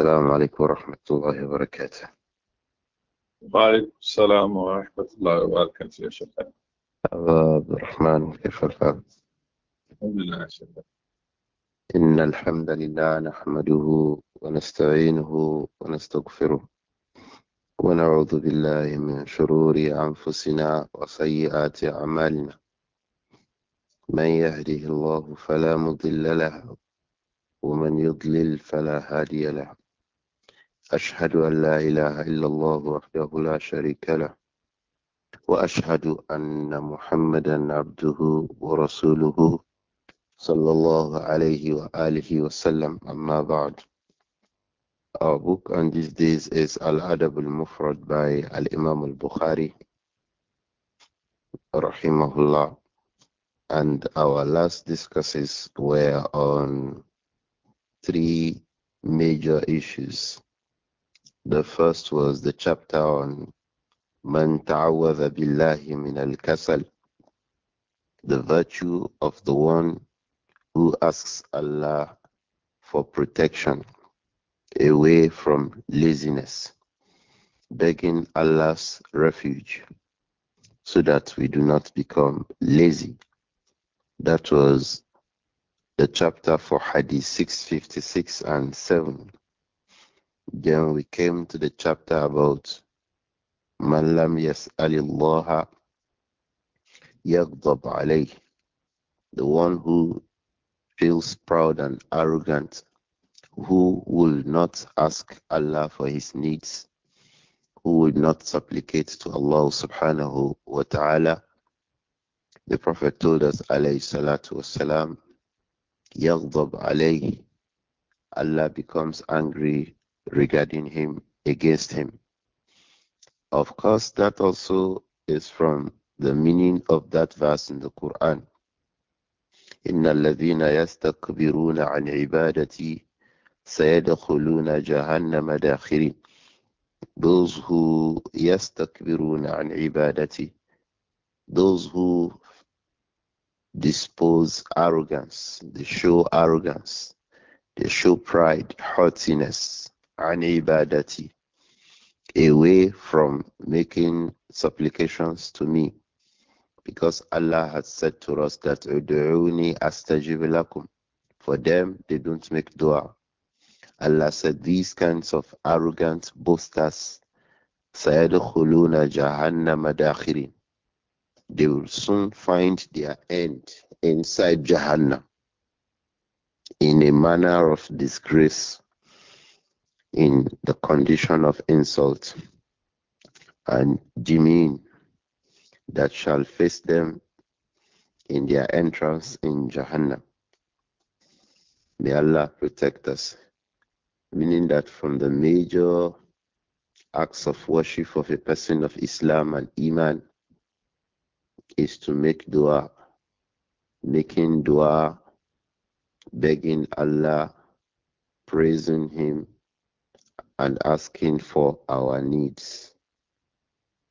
السلام عليكم ورحمة الله وبركاته وعليكم السلام ورحمة الله وبركاته يا شيخ أبا عبد الرحمن كيف الحال؟ الحمد لله يا شيخ إن الحمد لله نحمده ونستعينه ونستغفره ونعوذ بالله من شرور أنفسنا وسيئات أعمالنا من يهده الله فلا مضل له ومن يضلل فلا هادي له أشهد أن لا إله إلا الله وحده لا شريك له وأشهد أن محمدا عبده ورسوله صلى الله عليه وآله وسلم أما بعد Our book on these days is Al-Adab al-Mufrad by Al-Imam al-Bukhari rahimahullah and our last discussions were on three major issues the first was the chapter on Man ta'awadha billahi min al-kasal the virtue of the one who asks Allah for protection away from laziness, begging Allah's refuge so that we do not become lazy. That was the chapter for Hadith 656 and 7. Then we came to the chapter about Malam yes yas'alillaha yaghdab alayh. The one who feels proud and arrogant, who will not ask Allah for his needs, who will not supplicate to Allah subhanahu wa ta'ala. The Prophet told us, alayhi salatu wasalam, yaghdab Allah becomes angry regarding him against him. Of course, that also is from the meaning of that verse in the Quran. إن الذين يستكبرون عن عبادتي سيدخلون جهنم داخرين Those who يستكبرون عن عبادتي Those who dispose arrogance, they show arrogance, they show pride, haughtiness, an ibadati, away from making supplications to me. Because Allah has said to us that Udu'uni astajib lakum. For them, they don't make dua. Allah said these kinds of arrogant boasters, Sayadkhuluna Jahannam adakhirin. They will soon find their end inside Jahannam in a manner of disgrace in the condition of insult and demean that shall face them in their entrance in Jahannam. May Allah protect us. Meaning that from the major acts of worship of a person of Islam and Iman is to make dua, making dua, begging Allah, praising Him, and asking for our needs.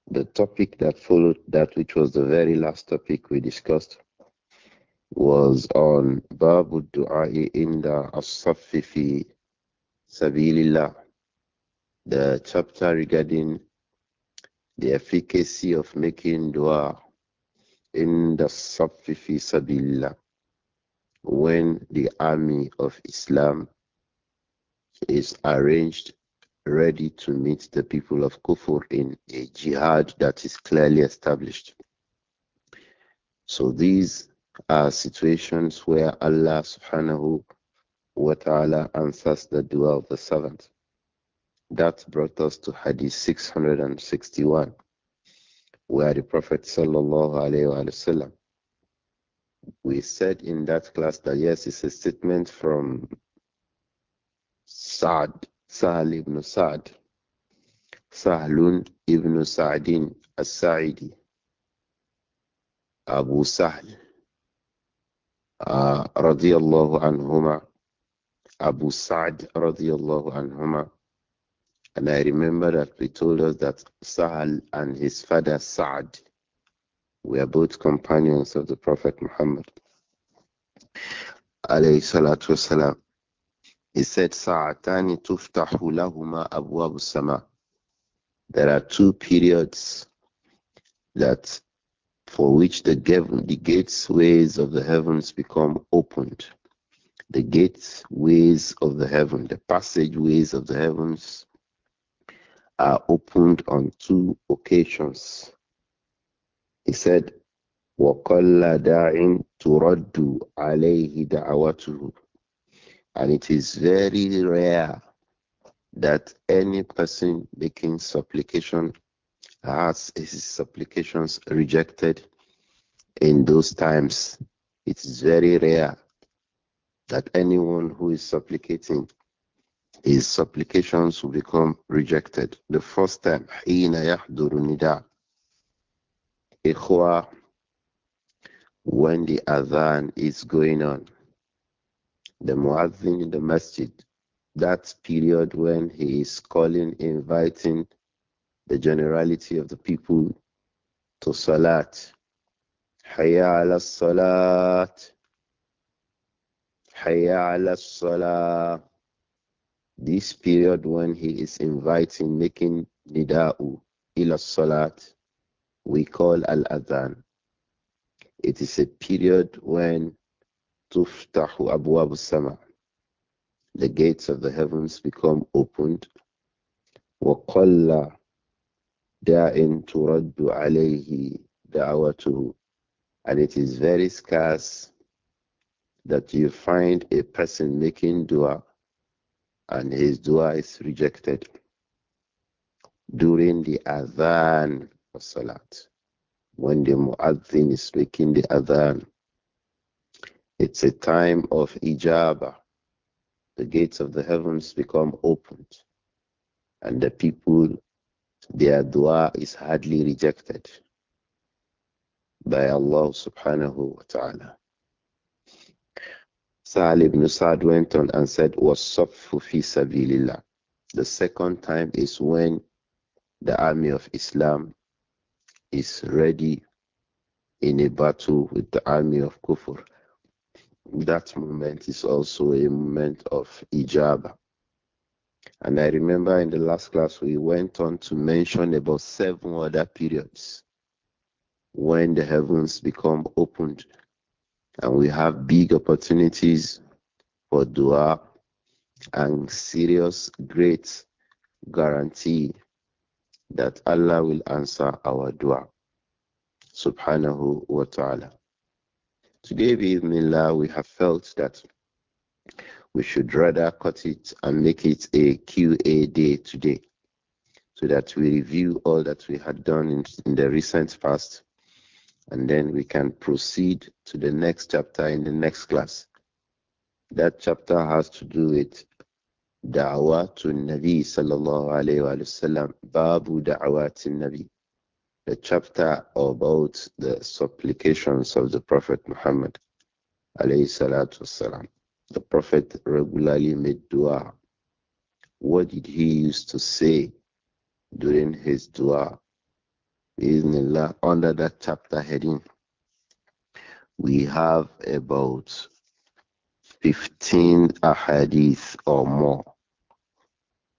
The topic that followed that, which was the very last topic we discussed, was on Babu Du'a'i Inda As-Safi Fi Sabilillah, the chapter regarding the efficacy of making dua in the Safi Fi Sabilillah when the army of Islam is arranged ready to meet the people of Kufur in a jihad that is clearly established. So these are situations where Allah subhanahu wa ta'ala answers the dua of the servant. That brought us to Hadith 661, where the Prophet sallallahu alayhi wa sallam we said in that class that yes, it's a statement from Saad Sahl ibn Sa'd, Sahlun ibn Sa'din as-Sa'idi, Abu Sahl, uh, radiyallahu anhuma, Abu Sa'd radiyallahu anhuma. And I remember that we told us that Sal and his father Sa'd were both companions of the Prophet Muhammad alayhi salatu wasalam. He said, Sa'atani tuftahulahuma lahuma sama. There are two periods that for which the, the of the heavens become opened. The gatesways of the heaven, the passageways of the heavens are opened on two occasions. He said, وَقَلَّ دَاعٍ تُرَدُّ عَلَيْهِ دَعَوَتُهُ and it is very rare that any person making supplication has his supplications rejected in those times. It is very rare that anyone who is supplicating his supplications will become rejected. The first time, when the adhan is going on, the muazzin in the masjid, that period when he is calling, inviting the generality of the people to salat. Hayya ala salat. Hayya ala salat This period when he is inviting, making nida'u ila salat, we call al adhan. It is a period when Tuftahu Abu sama. The gates of the heavens become opened. وَقَلَّ دَاءٍ تُرَدُّ عَلَيْهِ دَعْوَتُهُ And it is very scarce that you find a person making dua and his dua is rejected during the adhan of salat. When the muadzin is making the adhan, it's a time of ijabah. The gates of the heavens become opened, and the people, their dua is hardly rejected by Allah subhanahu wa ta'ala. Sa'al ibn Sa'd went on and said, وَالصَّفُّ فِي The second time is when the army of Islam is ready in a battle with the army of Kufr that moment is also a moment of ijabah, And I remember in the last class we went on to mention about seven other periods when the heavens become opened and we have big opportunities for dua and serious great guarantee that Allah will answer our dua subhanahu wa ta'ala Today, La, we have felt that we should rather cut it and make it a QA day today so that we review all that we had done in, in the recent past and then we can proceed to the next chapter in the next class. That chapter has to do with Da'wah to Nabi sallallahu alayhi wa sallam, Babu Da'wah to Nabi the chapter about the supplications of the Prophet Muhammad. The Prophet regularly made dua. What did he used to say during his dua? Bismillah, under that chapter heading, we have about 15 ahadith or more,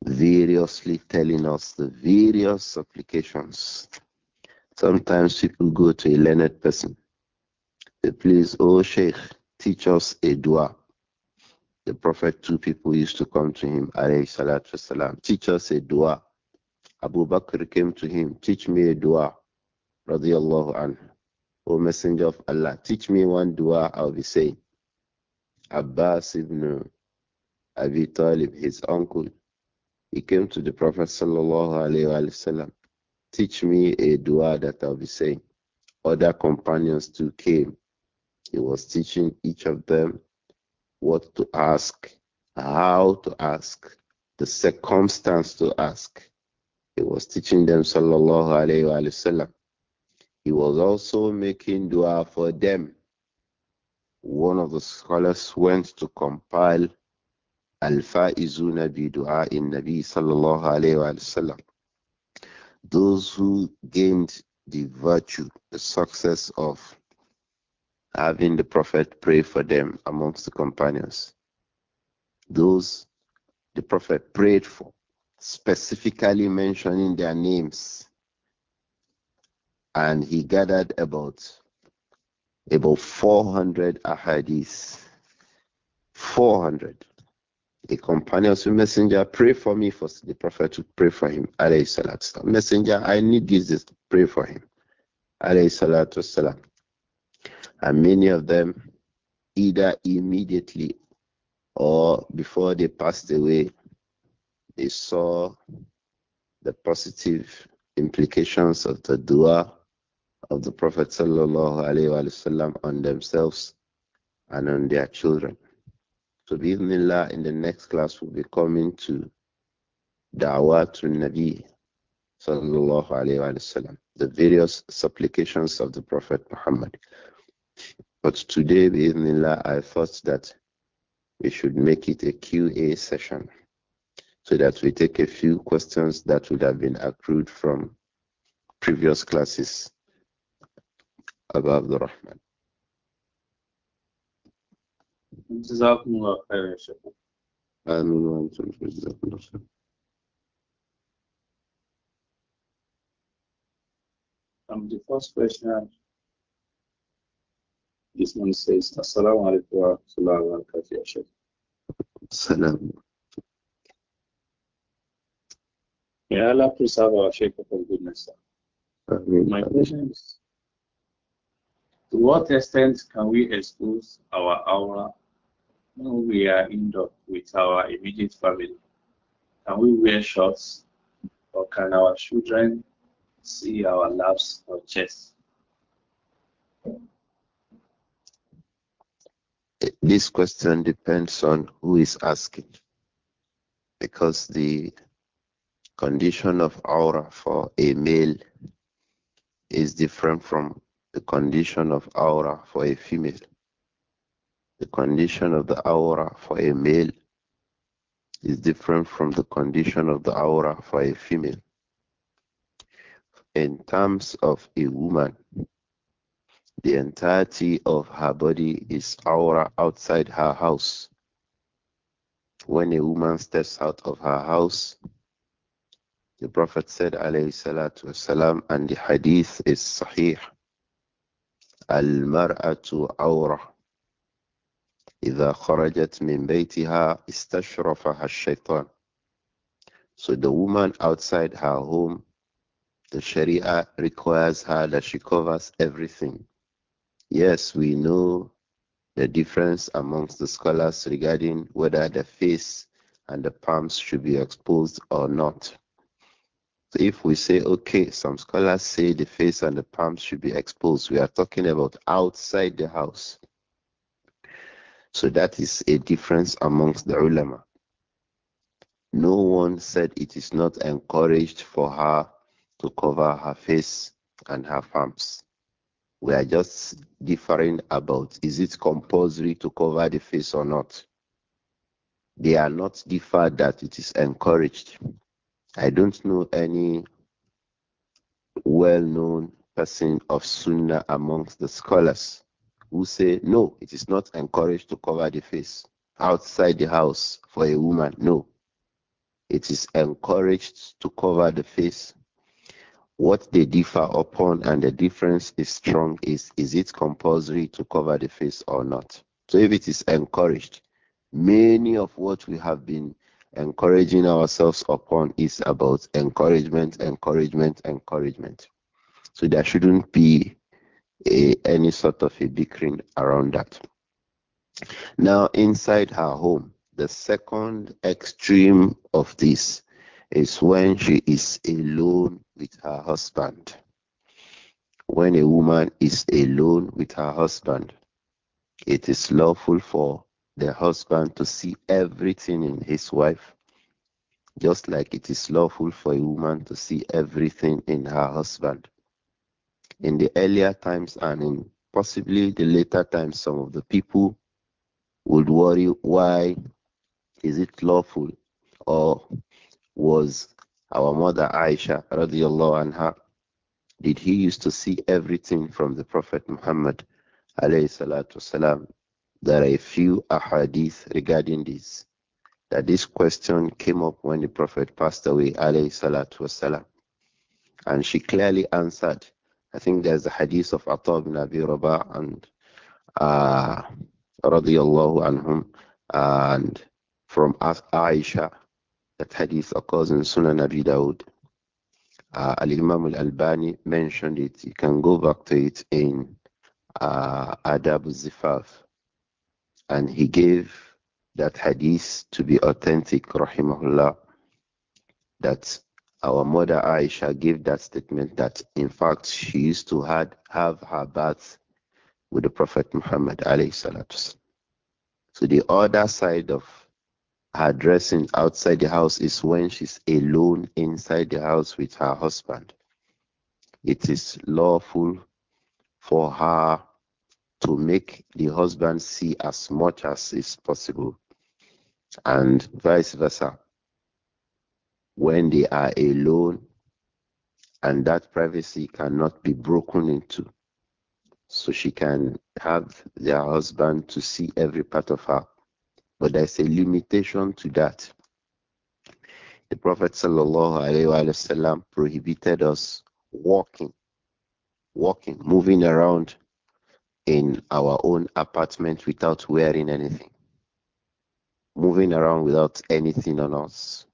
variously telling us the various supplications Sometimes people go to a learned person. They please, oh Sheikh, teach us a dua. The Prophet, two people used to come to him, alayhi salatu wasalam, teach us a dua. Abu Bakr came to him, teach me a dua, radiallahu anhu. O Messenger of Allah, teach me one dua I'll be saying. Abbas ibn Abi Talib, his uncle, he came to the Prophet sallallahu alayhi wa sallam. Teach me a dua that I'll be saying. Other companions too came. He was teaching each of them what to ask, how to ask, the circumstance to ask. He was teaching them, sallallahu alayhi wa, He was also making dua for them. One of the scholars went to compile Al-Fa'izuna bi dua in Nabi sallallahu alayhi wa, those who gained the virtue, the success of having the Prophet pray for them amongst the companions, those the Prophet prayed for, specifically mentioning their names. And he gathered about about 400 ahadith. 400 the companions who messenger pray for me for the prophet to pray for him messenger i need jesus pray for him and many of them either immediately or before they passed away they saw the positive implications of the dua of the prophet sallallahu alaihi wasallam on themselves and on their children so bismillah, in the next class we'll be coming to Da'watul Nabi sallallahu alayhi wa sallam, the various supplications of the Prophet Muhammad. But today, bismillah, I thought that we should make it a QA session so that we take a few questions that would have been accrued from previous classes above the Rahman. جزاكم الله خير يا شيخ آمين وأنتم جزاكم الله خير Um, the first question this one says Assalamu alaikum wa rahmatullahi wa barakatuh Salam. May Allah preserve our Shaykh for goodness. Amen. My question is to what extent can we expose our aura when we are indoor with our immediate family? Can we wear shorts or can our children see our laps or chests? This question depends on who is asking because the condition of aura for a male is different from the condition of aura for a female. The condition of the aura for a male is different from the condition of the aura for a female. In terms of a woman, the entirety of her body is aura outside her house. When a woman steps out of her house, the Prophet said, alayhi salatu wasalam, and the hadith is sahih, al-mar'atu aura إذا خرجت من بيتها استشرفها الشيطان. So the woman outside her home, the Sharia requires her that she covers everything. Yes, we know the difference amongst the scholars regarding whether the face and the palms should be exposed or not. So if we say, okay, some scholars say the face and the palms should be exposed, we are talking about outside the house. So that is a difference amongst the ulama. No one said it is not encouraged for her to cover her face and her palms. We are just differing about is it compulsory to cover the face or not. They are not differed that it is encouraged. I don't know any well known person of Sunnah amongst the scholars who say, no, it is not encouraged to cover the face outside the house for a woman. No. It is encouraged to cover the face. What they differ upon and the difference is strong is is it compulsory to cover the face or not? So if it is encouraged, many of what we have been encouraging ourselves upon is about encouragement, encouragement, encouragement. So there shouldn't be a, any sort of a bickering around that. Now, inside her home, the second extreme of this is when she is alone with her husband. When a woman is alone with her husband, it is lawful for the husband to see everything in his wife, just like it is lawful for a woman to see everything in her husband in the earlier times and in possibly the later times, some of the people would worry why is it lawful or was our mother Aisha radiallahu anha did he used to see everything from the Prophet Muhammad alayhi salatu wasalam. There are a few ahadith regarding this. That this question came up when the Prophet passed away alayhi salatu wasalam. And she clearly answered I think there's a hadith of Atta ibn Abi Rabah and uh, radiallahu anhum and from Aisha that hadith occurs in Sunan Abi Dawud. Uh, al Imam Al Albani mentioned it. You can go back to it in uh, Adab Zifaf, and he gave that hadith to be authentic, rahimahullah. That our mother Aisha gave that statement that, in fact, she used to had, have her bath with the Prophet Muhammad. So, the other side of her dressing outside the house is when she's alone inside the house with her husband. It is lawful for her to make the husband see as much as is possible and vice versa when they are alone and that privacy cannot be broken into. So she can have their husband to see every part of her. But there's a limitation to that. The Prophet wasallam prohibited us walking, walking, moving around in our own apartment without wearing anything, moving around without anything on us,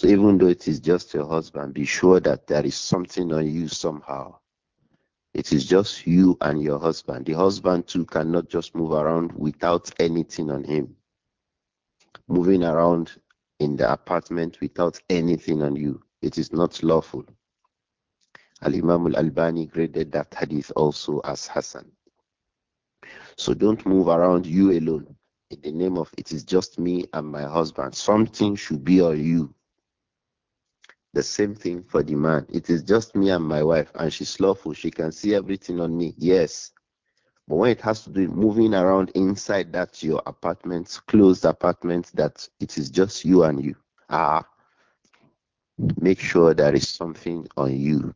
so even though it is just your husband, be sure that there is something on you somehow. It is just you and your husband. The husband too cannot just move around without anything on him. Moving around in the apartment without anything on you, it is not lawful. Al Imam Al Albani graded that hadith also as Hassan. So don't move around you alone. In the name of it is just me and my husband. Something should be on you the same thing for the man. It is just me and my wife, and she's lawful. She can see everything on me. Yes. But when it has to do moving around inside that your apartment, closed apartment, that it is just you and you. Ah, make sure there is something on you.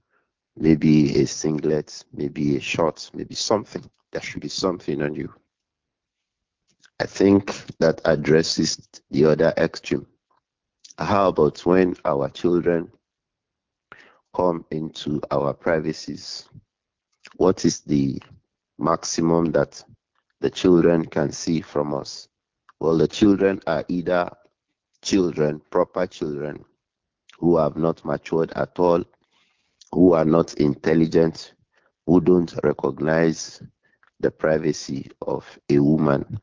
Maybe a singlet, maybe a short, maybe something. There should be something on you. I think that addresses the other extreme how about when our children come into our privacies? What is the maximum that the children can see from us? Well, the children are either children, proper children, who have not matured at all, who are not intelligent, who don't recognize the privacy of a woman.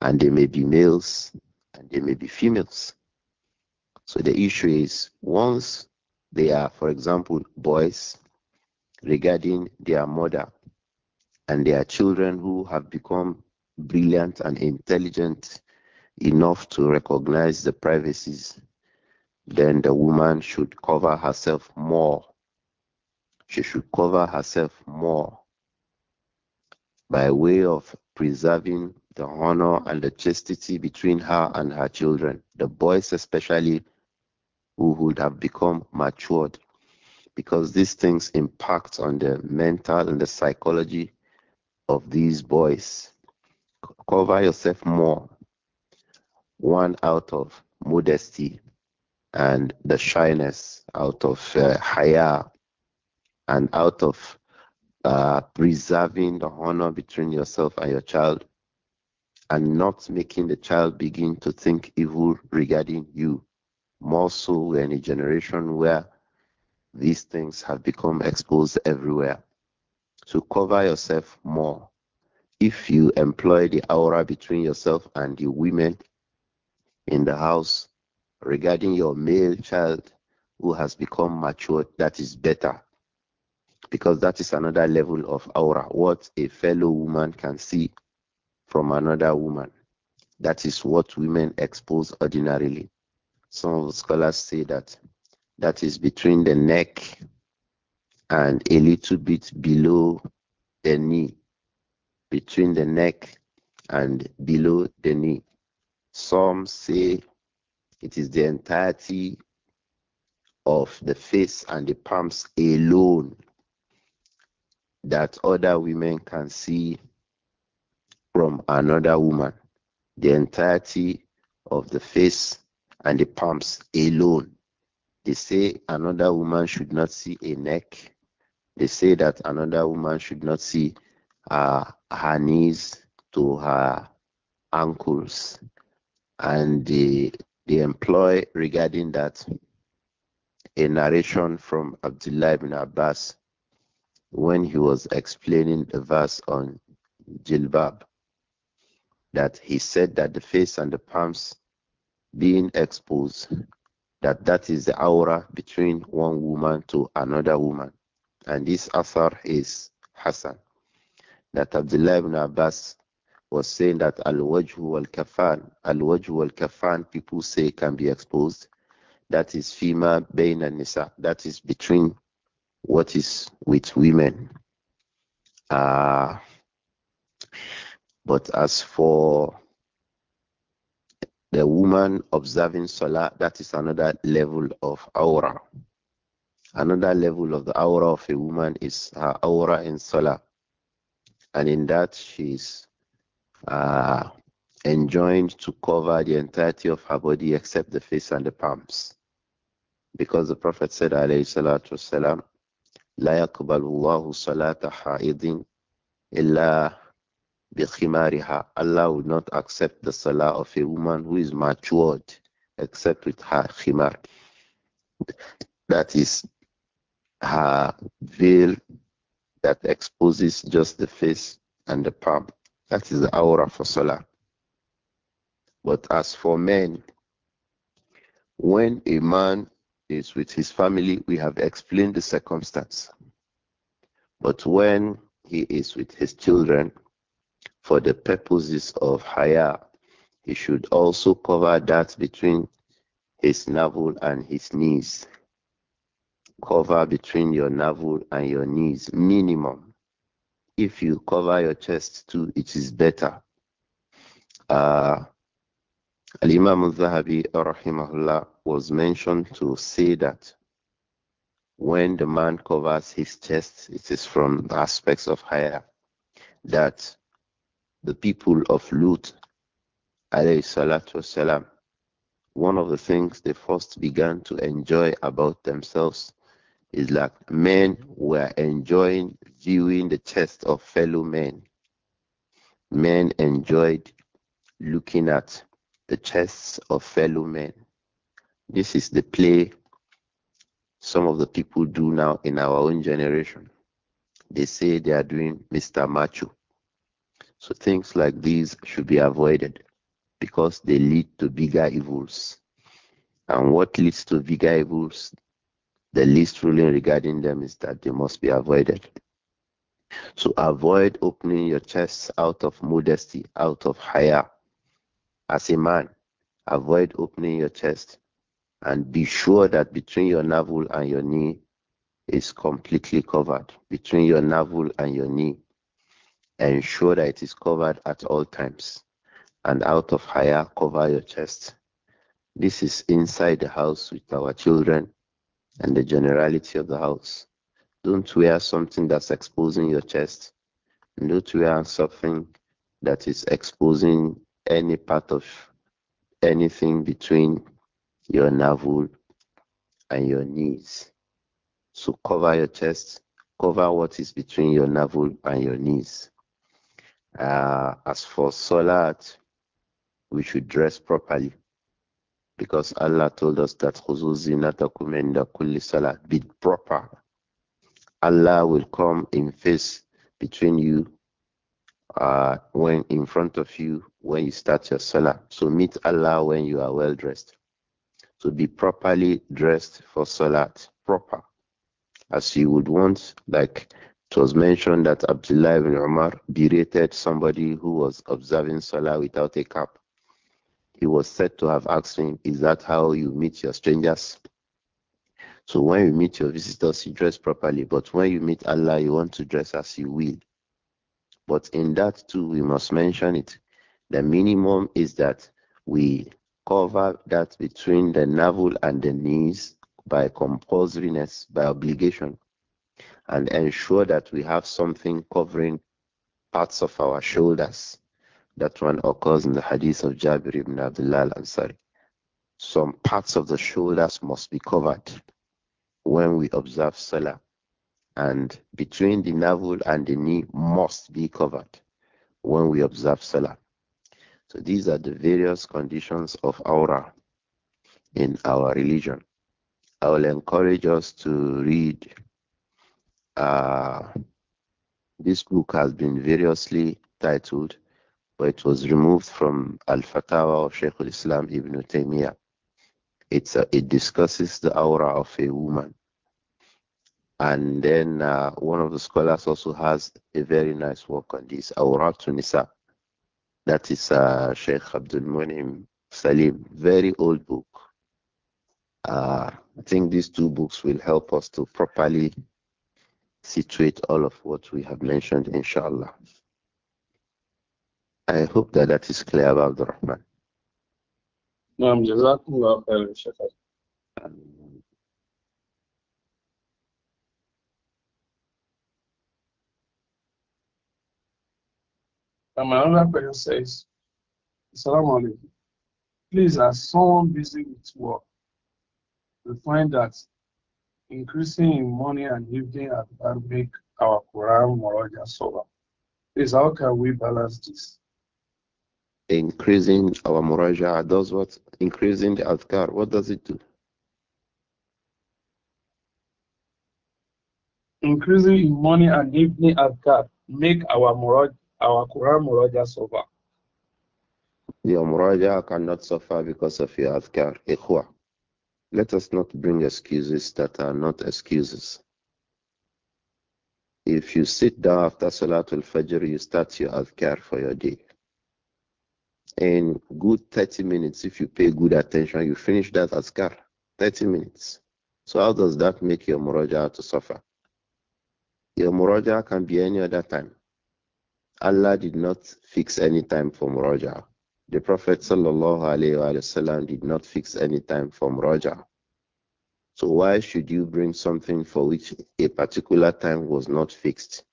And they may be males and they may be females. So the issue is once they are, for example, boys regarding their mother and their children who have become brilliant and intelligent enough to recognize the privacies, then the woman should cover herself more. She should cover herself more by way of preserving the honor and the chastity between her and her children, the boys especially who would have become matured because these things impact on the mental and the psychology of these boys. Cover yourself more. One out of modesty and the shyness, out of uh, haya and out of uh, preserving the honor between yourself and your child and not making the child begin to think evil regarding you. More so, in a generation where these things have become exposed everywhere. So cover yourself more. If you employ the aura between yourself and the women in the house regarding your male child who has become mature, that is better. Because that is another level of aura, what a fellow woman can see from another woman. That is what women expose ordinarily. Some scholars say that that is between the neck and a little bit below the knee. Between the neck and below the knee. Some say it is the entirety of the face and the palms alone that other women can see from another woman. The entirety of the face and the palms alone. They say another woman should not see a neck. They say that another woman should not see uh, her knees to her ankles. And they, they employ regarding that a narration from Abdullah ibn Abbas when he was explaining the verse on Jilbab that he said that the face and the palms being exposed, that that is the aura between one woman to another woman. And this author is Hassan. That Abdullah ibn Abbas was saying that al-wajhu al kafan al-wajhu al kafan people say can be exposed. That is fima bain nisa. That is between what is with women. Uh, but as for the woman observing salah, that is another level of aura. Another level of the aura of a woman is her aura in salah. And in that, she's uh, enjoined to cover the entirety of her body except the face and the palms. Because the Prophet said, alayhi salatu wasalam, لا يقبل الله صلاة حائض illa." بِخِمَارِهَا Allah will not accept the salah of a woman who is matured except with her khimar. That is her veil that exposes just the face and the palm. That is the aura for salah. But as for men, when a man is with his family, we have explained the circumstance. But when he is with his children, for the purposes of haya. He should also cover that between his navel and his knees. Cover between your navel and your knees, minimum. If you cover your chest too, it is better. Uh, Al-Imam al-Zahabi rahimahullah was mentioned to say that when the man covers his chest, it is from the aspects of haya that the people of Lut, alayhi salatu wasalam, one of the things they first began to enjoy about themselves is that men were enjoying viewing the chest of fellow men. Men enjoyed looking at the chests of fellow men. This is the play some of the people do now in our own generation. They say they are doing Mr. Macho. So things like these should be avoided because they lead to bigger evils. And what leads to bigger evils, the least ruling regarding them is that they must be avoided. So avoid opening your chest out of modesty, out of haya. As a man, avoid opening your chest and be sure that between your navel and your knee is completely covered. Between your navel and your knee ensure that it is covered at all times. And out of haya, cover your chest. This is inside the house with our children and the generality of the house. Don't wear something that's exposing your chest. Don't wear something that is exposing any part of anything between your navel and your knees. So cover your chest, cover what is between your navel and your knees. Uh, as for salat, we should dress properly because Allah told us that zinatakum inda kulli salat. Be proper. Allah will come in face between you uh, when in front of you when you start your salah. So meet Allah when you are well dressed. So be properly dressed for salat, proper, as you would want, like it was mentioned that Abdullah ibn Umar berated somebody who was observing Salah without a cap. He was said to have asked him, Is that how you meet your strangers? So when you meet your visitors, you dress properly. But when you meet Allah, you want to dress as you will. But in that too, we must mention it. The minimum is that we cover that between the navel and the knees by compulsoriness, by obligation and ensure that we have something covering parts of our shoulders. That one occurs in the hadith of Jabir ibn Abdullah ansari Some parts of the shoulders must be covered when we observe Salah. And between the navel and the knee must be covered when we observe Salah. So these are the various conditions of aura in our religion. I will encourage us to read uh, this book has been variously titled, but it was removed from Al-Fatawa of Sheikh al-Islam Ibn Taymiyyah. It's a, uh, it discusses the aura of a woman. And then uh, one of the scholars also has a very nice work on this, Aura Tunisa. That is uh, Sheikh Abdul Munim Salim, very old book. Uh, I think these two books will help us to properly situate all of what we have mentioned, inshallah. I hope that that is clear, Abdul Rahman. نعم جزاكم الله خيرا My other question says, Assalamu alaikum. Please, as someone busy with work, we find that increasing in money and evening at that make our Quran Moraja sober. Please, how can we balance this? Increasing our Moraja does what? Increasing the Adkar, what does it do? Increasing in money and evening Adkar make our Moraja, our Quran Moraja sober. Your Moraja cannot suffer because of your Adkar, Ikhwah. Let us not bring excuses that are not excuses. If you sit down after Salatul Fajr, you start your adhkar for your day. In good 30 minutes, if you pay good attention, you finish that adhkar. 30 minutes. So how does that make your muraja to suffer? Your muraja can be any other time. Allah did not fix any time for muraja. The Prophet ﷺ did not fix any time from roja, So why should you bring something for which a particular time was not fixed?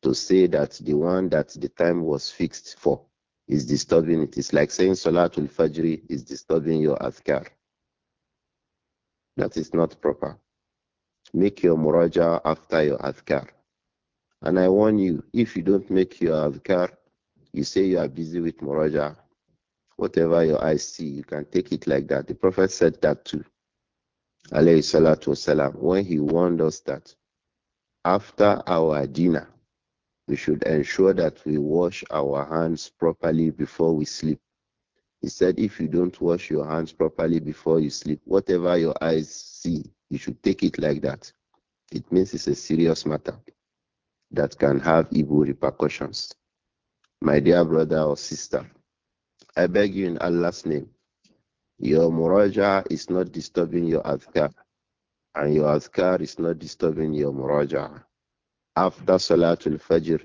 To say that the one that the time was fixed for is disturbing It's like saying Salatul Fajr is disturbing your azkar. That is not proper. Make your muraja after your azkar, And I warn you, if you don't make your azkar, you say you are busy with Moraja. Whatever your eyes see, you can take it like that. The Prophet said that too. Alayhi salatu wasalam. When he warned us that after our dinner, we should ensure that we wash our hands properly before we sleep. He said, if you don't wash your hands properly before you sleep, whatever your eyes see, you should take it like that. It means it's a serious matter that can have evil repercussions. My dear brother or sister, I beg you in Allah's name, your muraja is not disturbing your adhkar, and your adhkar is not disturbing your muraja. After Salatul Fajr,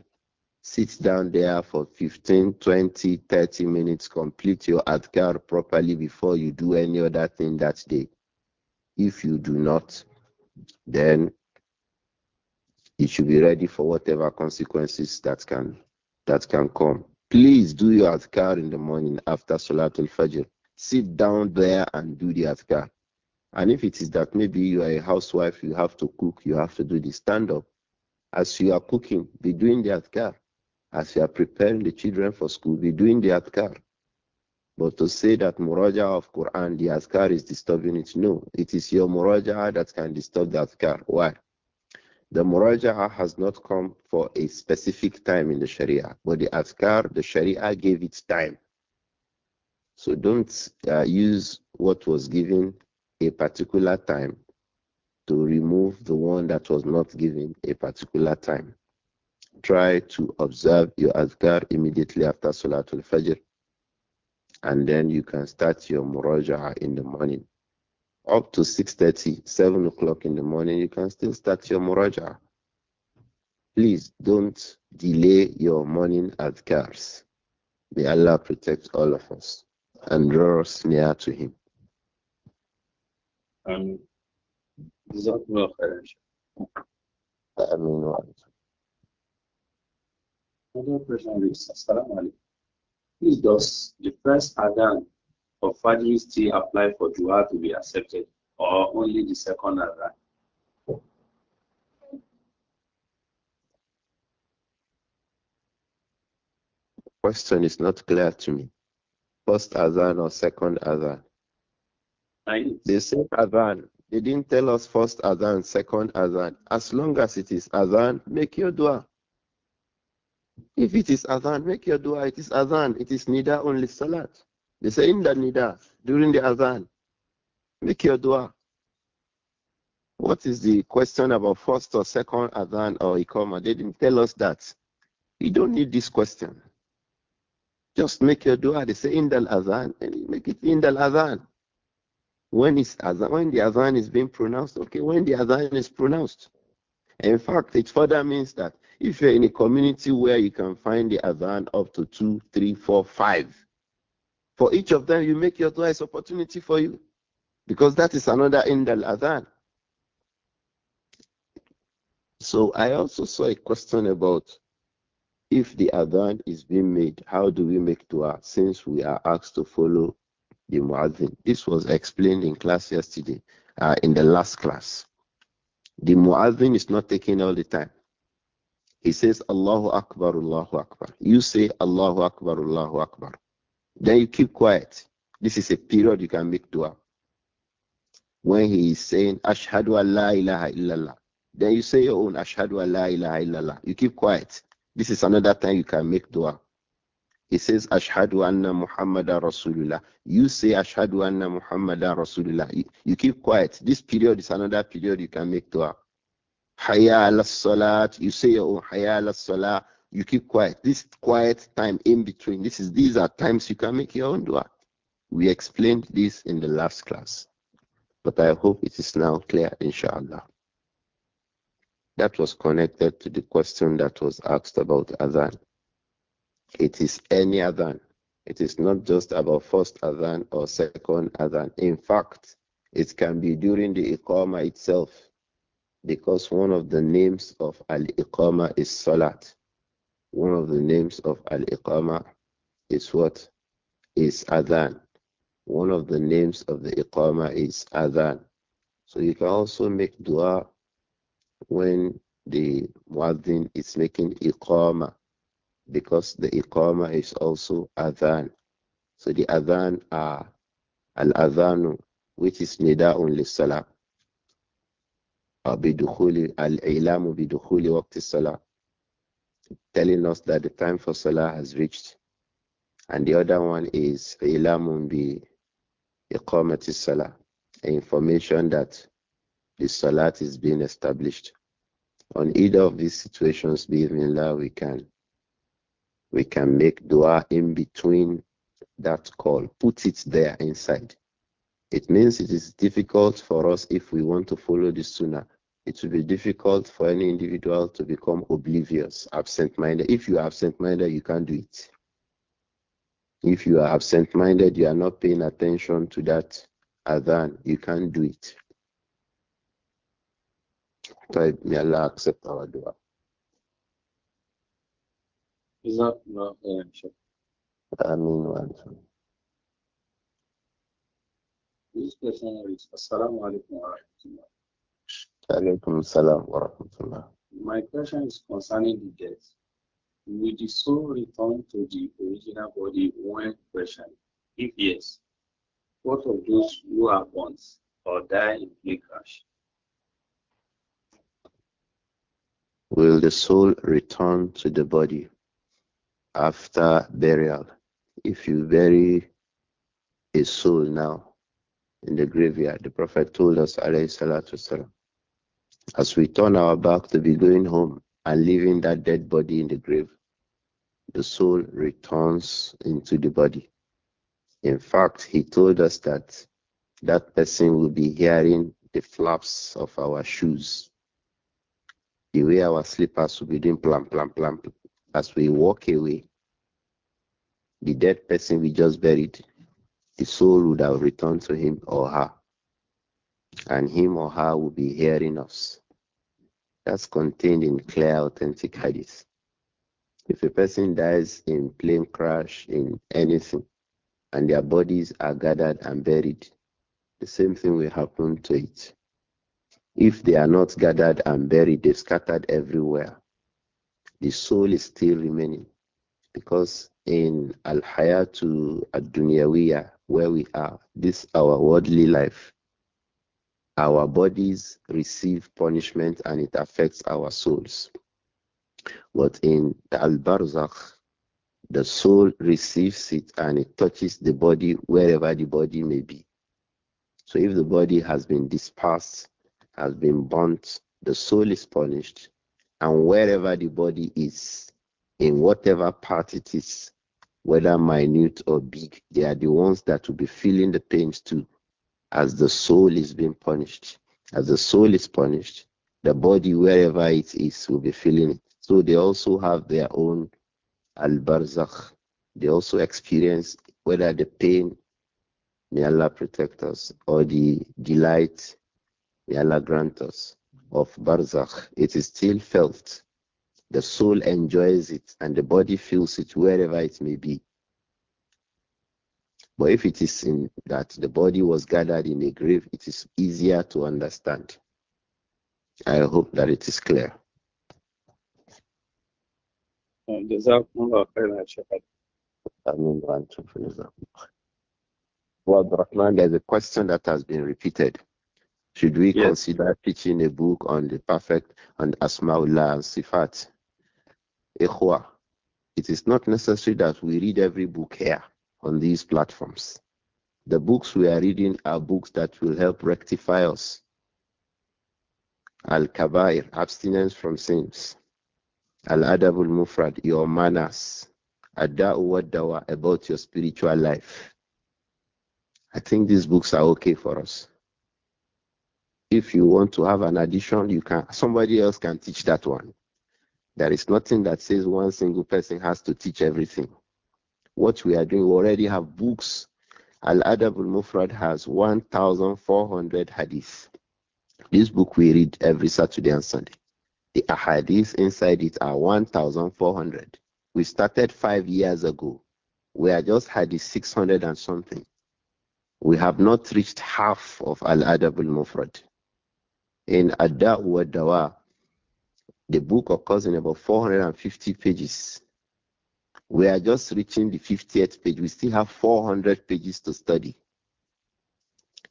sit down there for 15, 20, 30 minutes, complete your adhkar properly before you do any other thing that day. If you do not, then you should be ready for whatever consequences that can that can come. Please do your adhkar in the morning after Salatul Fajr. Sit down there and do the adhkar. And if it is that maybe you are a housewife, you have to cook, you have to do the stand up. As you are cooking, be doing the adhkar. As you are preparing the children for school, be doing the adhkar. But to say that muraja of Quran, the adhkar is disturbing it, no. It is your muraja that can disturb the adhkar. Why? The muraja'ah has not come for a specific time in the sharia, but the azkar, the sharia gave its time. So don't uh, use what was given a particular time to remove the one that was not given a particular time. Try to observe your azkar immediately after Salatul Fajr, and then you can start your muraja'a in the morning up to 6.30, 7 o'clock in the morning, you can still start your muraja. Please don't delay your morning cars. May Allah protect all of us and draw us near to Him. Um, Another person reads, Assalamu alaikum. Please does the first Adhan or Fajri still apply for Dua to be accepted, or only the second Adhan? Question is not clear to me. First Adhan or second Adhan? They said Adhan. They didn't tell us first Adhan, second Adhan. As long as it is Adhan, make your dua. If it is Adhan, make your dua. It is Adhan. It is neither only Salat. They say in the nida during the azan, make your dua. What is the question about first or second adhan or ikoma? They didn't tell us that. You don't need this question. Just make your dua. They say indal the and make it indal When it's azan, when the adhan is being pronounced, okay, when the adhan is pronounced. In fact, it further means that if you're in a community where you can find the adhan up to two, three, four, five, for each of them, you make your dua is opportunity for you. Because that is another indal adhan. So I also saw a question about if the adhan is being made, how do we make dua since we are asked to follow the muadhin? This was explained in class yesterday, uh, in the last class. The muadhin is not taking all the time. He says, Allahu Akbar, Allahu Akbar. You say, Allahu Akbar, Allahu Akbar. Then you keep quiet. This is a period you can make dua. When he is saying, Ashhadu Allah ilaha illallah, then you say your own Ashhadu Allah ilaha illallah. You keep quiet. This is another time you can make dua. He says, Ashhadu anna Muhammadan Rasulullah. You say, Ashhadu anna Muhammadan Rasulullah. You, you keep quiet. This period is another period you can make dua. Hayya ala salat. You say your own Hayya ala salat. You keep quiet. This quiet time in between, this is these are times you can make your own dua. We explained this in the last class. But I hope it is now clear, inshallah. That was connected to the question that was asked about Adhan. It is any Adhan. It is not just about first Adhan or second Adhan. In fact, it can be during the Iqamah itself because one of the names of Al Iqamah is Salat. One of the names of Al Iqama is what? Is Adhan. One of the names of the Iqama is Adhan. So you can also make dua when the Muaddin is making Iqama because the Iqama is also Adhan. So the Adhan are Al Adhanu, which is Nida'un Lissalah. بدخول الإعلام بدخول وقت الصلاة telling us that the time for Salah has reached. And the other one is Ilamun bi Iqamati Salah, information that the Salat is being established. On either of these situations, Bismillah, we can we can make dua in between that call. Put it there inside. It means it is difficult for us if we want to follow the sunnah it will be difficult for any individual to become oblivious, absent minded. If you are absent minded, you can't do it. If you are absent minded, you are not paying attention to that adhan, you can't do it. So may Allah accept our dua. Is that not answer? I mean, This is Assalamu alaikum wa rahmatullah. Alaykum salam wa rahmatullah. My question is concerning the death. Will the soul return to the original body when question. If yes, what of those who are born or die in plane crash? Will the soul return to the body after burial? If you bury a soul now in the graveyard, the Prophet told us, alayhi salatu wasalam, as we turn our back to be going home and leaving that dead body in the grave, the soul returns into the body. In fact, he told us that that person will be hearing the flaps of our shoes, the way our slippers will be doing plump, plump, plump, as we walk away. The dead person we just buried, the soul would have returned to him or her and him or her will be hearing us. That's contained in clear, authentic hadith. If a person dies in plane crash, in anything, and their bodies are gathered and buried, the same thing will happen to it. If they are not gathered and buried, they're scattered everywhere. The soul is still remaining because in Al Hayatu Ad Dunyawiya, where we are, this our worldly life, our bodies receive punishment and it affects our souls. But in Al Barzakh, the soul receives it and it touches the body wherever the body may be. So if the body has been dispersed, has been burnt, the soul is punished, and wherever the body is, in whatever part it is, whether minute or big, they are the ones that will be feeling the pains too as the soul is being punished. As the soul is punished, the body, wherever it is, will be feeling it. So they also have their own al barzakh. They also experience whether the pain, may Allah protect us, or the delight, may Allah grant us, of barzakh. It is still felt. The soul enjoys it and the body feels it wherever it may be. But if it is in that the body was gathered in a grave, it is easier to understand. I hope that it is clear. Well, Rahman, there's a question that has been repeated. Should we yes. consider teaching a book on the perfect and Asma'ullah and Sifat? it is not necessary that we read every book here on these platforms. The books we are reading are books that will help rectify us. Al Kabair, abstinence from sins. Al Adabul Mufrad, your manners. Adda'u Dawa, about your spiritual life. I think these books are okay for us. If you want to have an addition, you can somebody else can teach that one. There is nothing that says one single person has to teach everything what we are doing. We already have books. Al Adab al Mufrad has 1,400 hadith. This book we read every Saturday and Sunday. The hadiths inside it are 1,400. We started five years ago. We are just hadith 600 and something. We have not reached half of Al Adab al Mufrad. In Adab wa Dawa, the book occurs in about 450 pages. We are just reaching the 50th page. We still have 400 pages to study.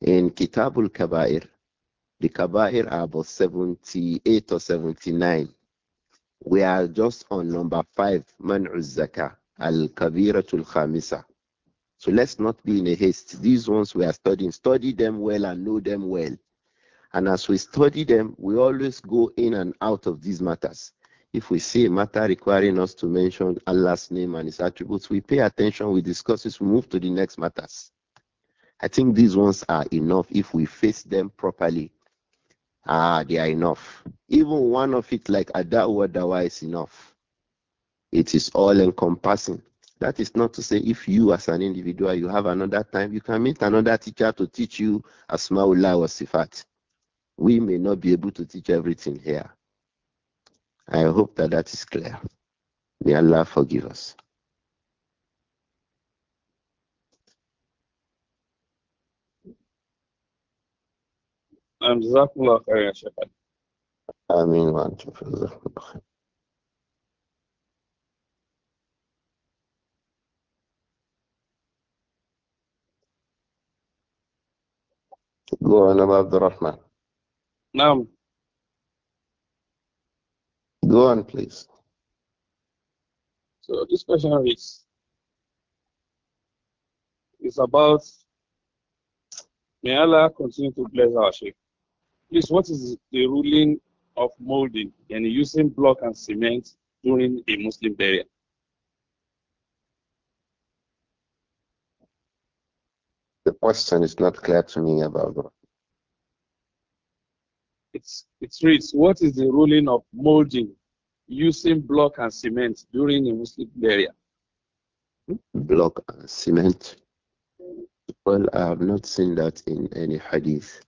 In Kitabul Kabair, the Kabair are about 78 or 79. We are just on number 5, Man'uz Zakah, Al-Kabiratul Khamisa. So let's not be in a haste. These ones we are studying, study them well and know them well. And as we study them, we always go in and out of these matters. If we see a matter requiring us to mention Allah's name and his attributes, we pay attention, we discuss it, we move to the next matters. I think these ones are enough if we face them properly. Ah, they are enough. Even one of it, like Adawa Dawa, is enough. It is all encompassing. That is not to say if you as an individual you have another time, you can meet another teacher to teach you Asmaullah wa Sifat. We may not be able to teach everything here. I hope that that is clear. May Allah forgive us. I'm خير يا شيخ آمين وأنتم جزاكم الله Go on, Abdurrahman. Go on, please. So this question is is about may Allah continue to bless our Sheikh. Please, what is the ruling of molding and using block and cement during a Muslim burial? The question is not clear to me about that. It's, it reads, what is the ruling of molding using block and cement during a Muslim burial? Block and cement. Well, I have not seen that in any hadith.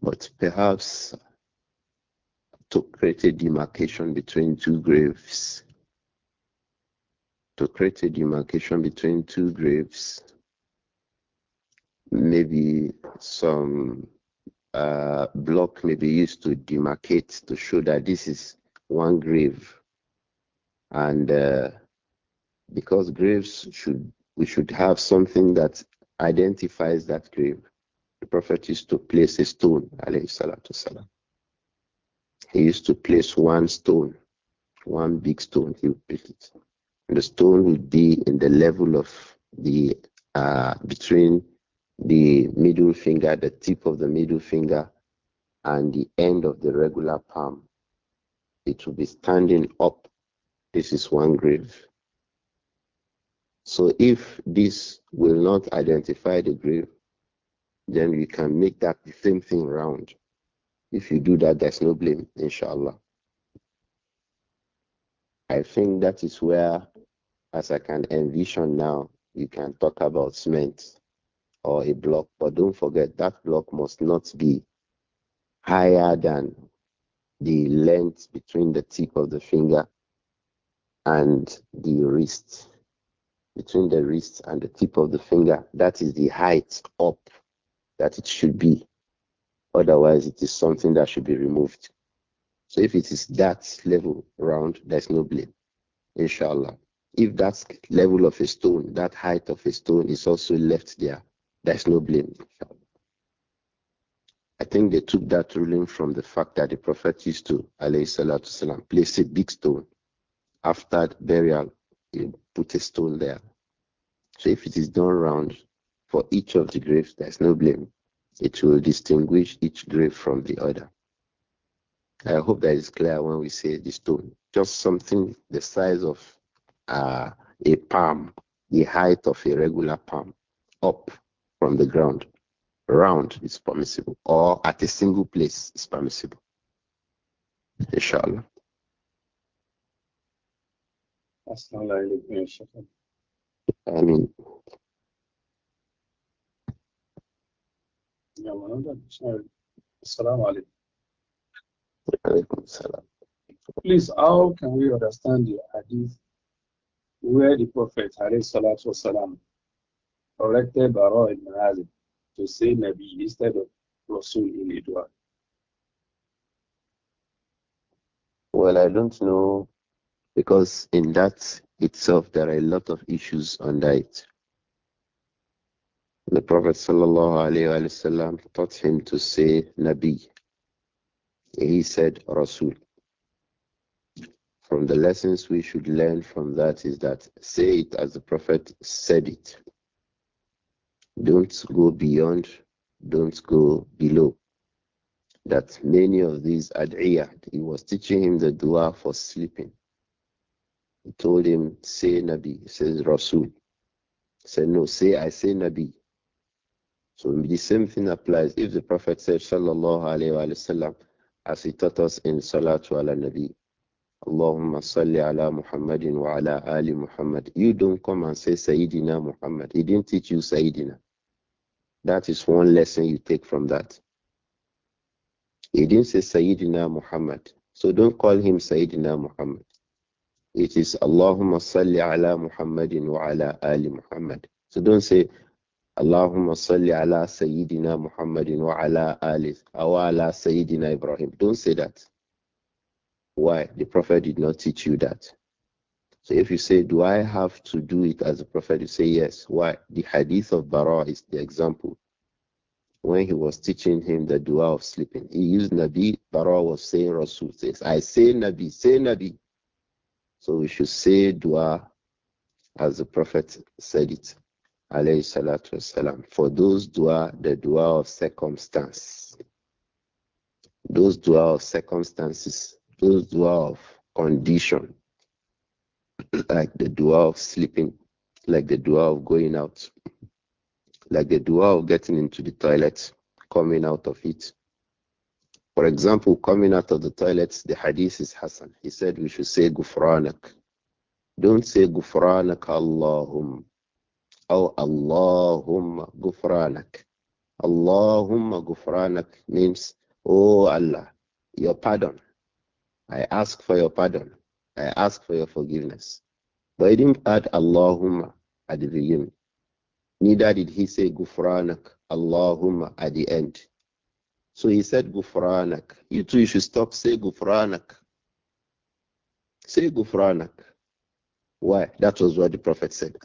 But perhaps to create a demarcation between two graves. To create a demarcation between two graves, maybe some uh, block may be used to demarcate to show that this is one grave. And uh, because graves should, we should have something that identifies that grave. The Prophet used to place a stone, alayhi salam. He used to place one stone, one big stone, he would pick it. And the stone would be in the level of the, uh, between the middle finger, the tip of the middle finger, and the end of the regular palm. It will be standing up. This is one grave. So if this will not identify the grave, then we can make that the same thing round. If you do that, there's no blame, inshallah. I think that is where, as I can envision now, we can talk about cement or a block, but don't forget that block must not be higher than the length between the tip of the finger and the wrist. Between the wrist and the tip of the finger, that is the height up that it should be. Otherwise, it is something that should be removed. So if it is that level round, there's no blame. Inshallah. If that level of a stone, that height of a stone is also left there, there's no blame. I think they took that ruling from the fact that the Prophet used to, والسلام, place a big stone after burial, he put a stone there. So if it is done round for each of the graves, there's no blame. It will distinguish each grave from the other. I hope that is clear when we say the stone. Just something the size of uh, a palm, the height of a regular palm, up from the ground. Round is permissible, or at a single place is permissible. Inshallah. I mean, Please, how can we understand the hadith where the Prophet والسلام, corrected Bara ibn Azib to say Nabi instead of Rasul in Edward. Well, I don't know because in that itself there are a lot of issues under it. The Prophet وسلم, taught him to say Nabi. He said Rasul. From the lessons we should learn from that is that say it as the Prophet said it. Don't go beyond, don't go below. That many of these ad'iyah, he was teaching him the dua for sleeping. He told him, say Nabi, says Rasul. said, no, say I say Nabi. So the same thing applies. If the Prophet said, Sallallahu Alaihi Wasallam, as he taught us in Salatu ala Nabi, Allahumma salli ala Muhammadin wa ala Ali Muhammad. You don't come and say Sayyidina Muhammad. He didn't teach you Sayyidina. That is one lesson you take from that. He didn't say Sayyidina Muhammad. So don't call him Sayyidina Muhammad. It is Allahumma salli ala Muhammadin wa ala ali Muhammad. So don't say Allahumma salli ala Sayyidina Muhammadin wa ala ali wa ala Sayyidina Ibrahim. Don't say that. Why? The Prophet did not teach you that. So if you say, Do I have to do it as a prophet? You say, Yes. Why? The hadith of Bara is the example. When he was teaching him the dua of sleeping, he used Nabi. Bara was saying, Rasul says, I say Nabi, say Nabi. So we should say dua as the prophet said it. For those dua, the dua of circumstance, those dua of circumstances, those dua of condition, like the dua of sleeping, like the dua of going out, like the dua of getting into the toilet, coming out of it. For example, coming out of the toilet, the hadith is Hassan. He said we should say Gufranak. Don't say Gufranak Allahum. Or Allahumma Gufranak. Allahumma Gufranak means, Oh Allah, your pardon. I ask for your pardon. I ask for your forgiveness. But he didn't add Allahumma at the beginning. Neither did he say Gufranak, Allahumma at the end. So he said Gufranak. You too, you should stop saying Gufranak. Say Gufranak. Why? That was what the Prophet said.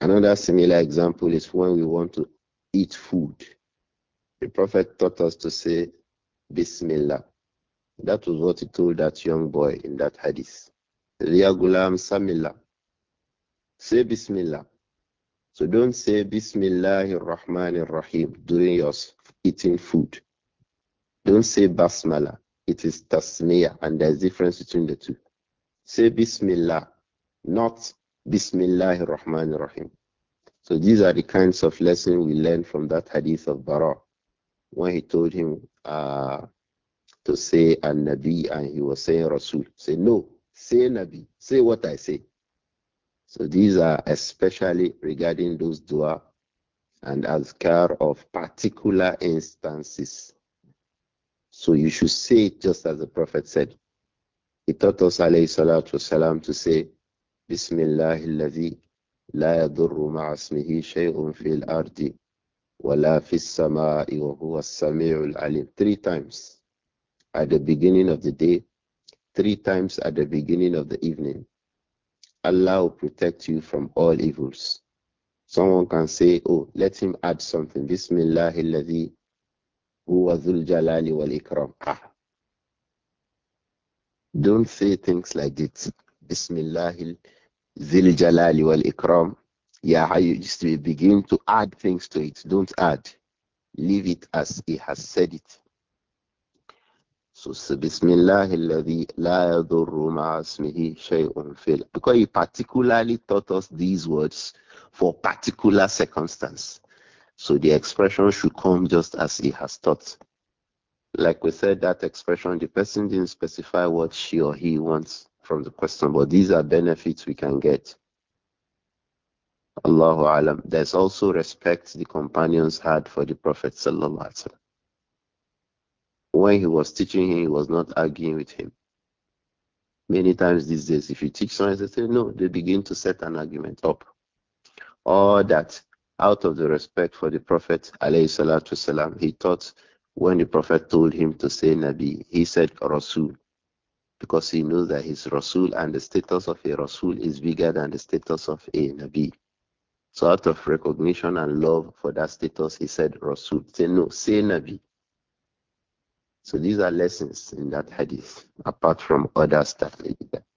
Another similar example is when we want to eat food. The Prophet taught us to say Bismillah. That was what he told that young boy in that hadith. Ya Gulam Say Bismillah. So don't say Bismillahir Rahmanir Rahim during your eating food. Don't say Basmala. It is Tasmiyah, and there's difference between the two. Say Bismillah, not Bismillahir Rahmanir Rahim. So these are the kinds of lessons we learn from that hadith of Bara when he told him, uh, to say a Nabi and he was saying Rasul. Say, no, say Nabi, say what I say. So these are especially regarding those dua and azkar of particular instances. So you should say it just as the Prophet said. He taught us alayhi salatu wasalam to say, Bismillah alladhi لا يضر مع اسمه شيء في الأرض ولا في السماء وهو السميع العليم three times at the beginning of the day, three times at the beginning of the evening. Allah will protect you from all evils. Someone can say, Oh, let him add something. Bismillah ladhi huwa dhul jalali wal ikram. Ah. Don't say things like this. Bismillah dhul jalali wal ikram. Yeah, I used to begin to add things to it. Don't add. Leave it as he has said it. So say Bismillah Because he particularly taught us these words for particular circumstance. So the expression should come just as he has taught. Like we said, that expression, the person didn't specify what she or he wants from the question, but these are benefits we can get. Allahu Alam. There's also respect the companions had for the Prophet Sallallahu Alaihi Wasallam. When he was teaching him, he was not arguing with him. Many times these days, if you teach someone, they say, no, they begin to set an argument up. Or that out of the respect for the Prophet, والسلام, he thought when the Prophet told him to say Nabi, he said Rasul because he knows that his Rasul and the status of a Rasul is bigger than the status of a Nabi. So out of recognition and love for that status, he said Rasul. Say no, say Nabi. So these are lessons in that hadith, apart from other stuff.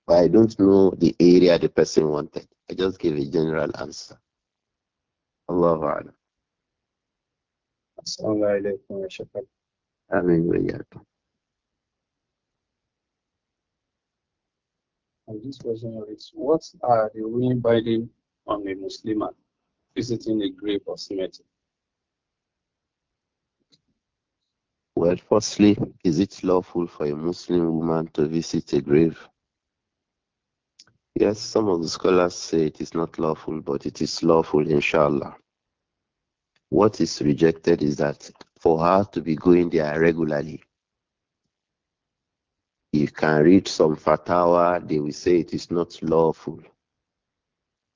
But I don't know the area the person wanted. I just gave a general answer. Allah Alam. Assalamu alaikum wa shukran. And this question is What are the ruling binding on a Muslim visiting a grave or cemetery? Well, firstly, is it lawful for a Muslim woman to visit a grave? Yes, some of the scholars say it is not lawful, but it is lawful, inshallah. What is rejected is that for her to be going there regularly, you can read some fatwa, they will say it is not lawful.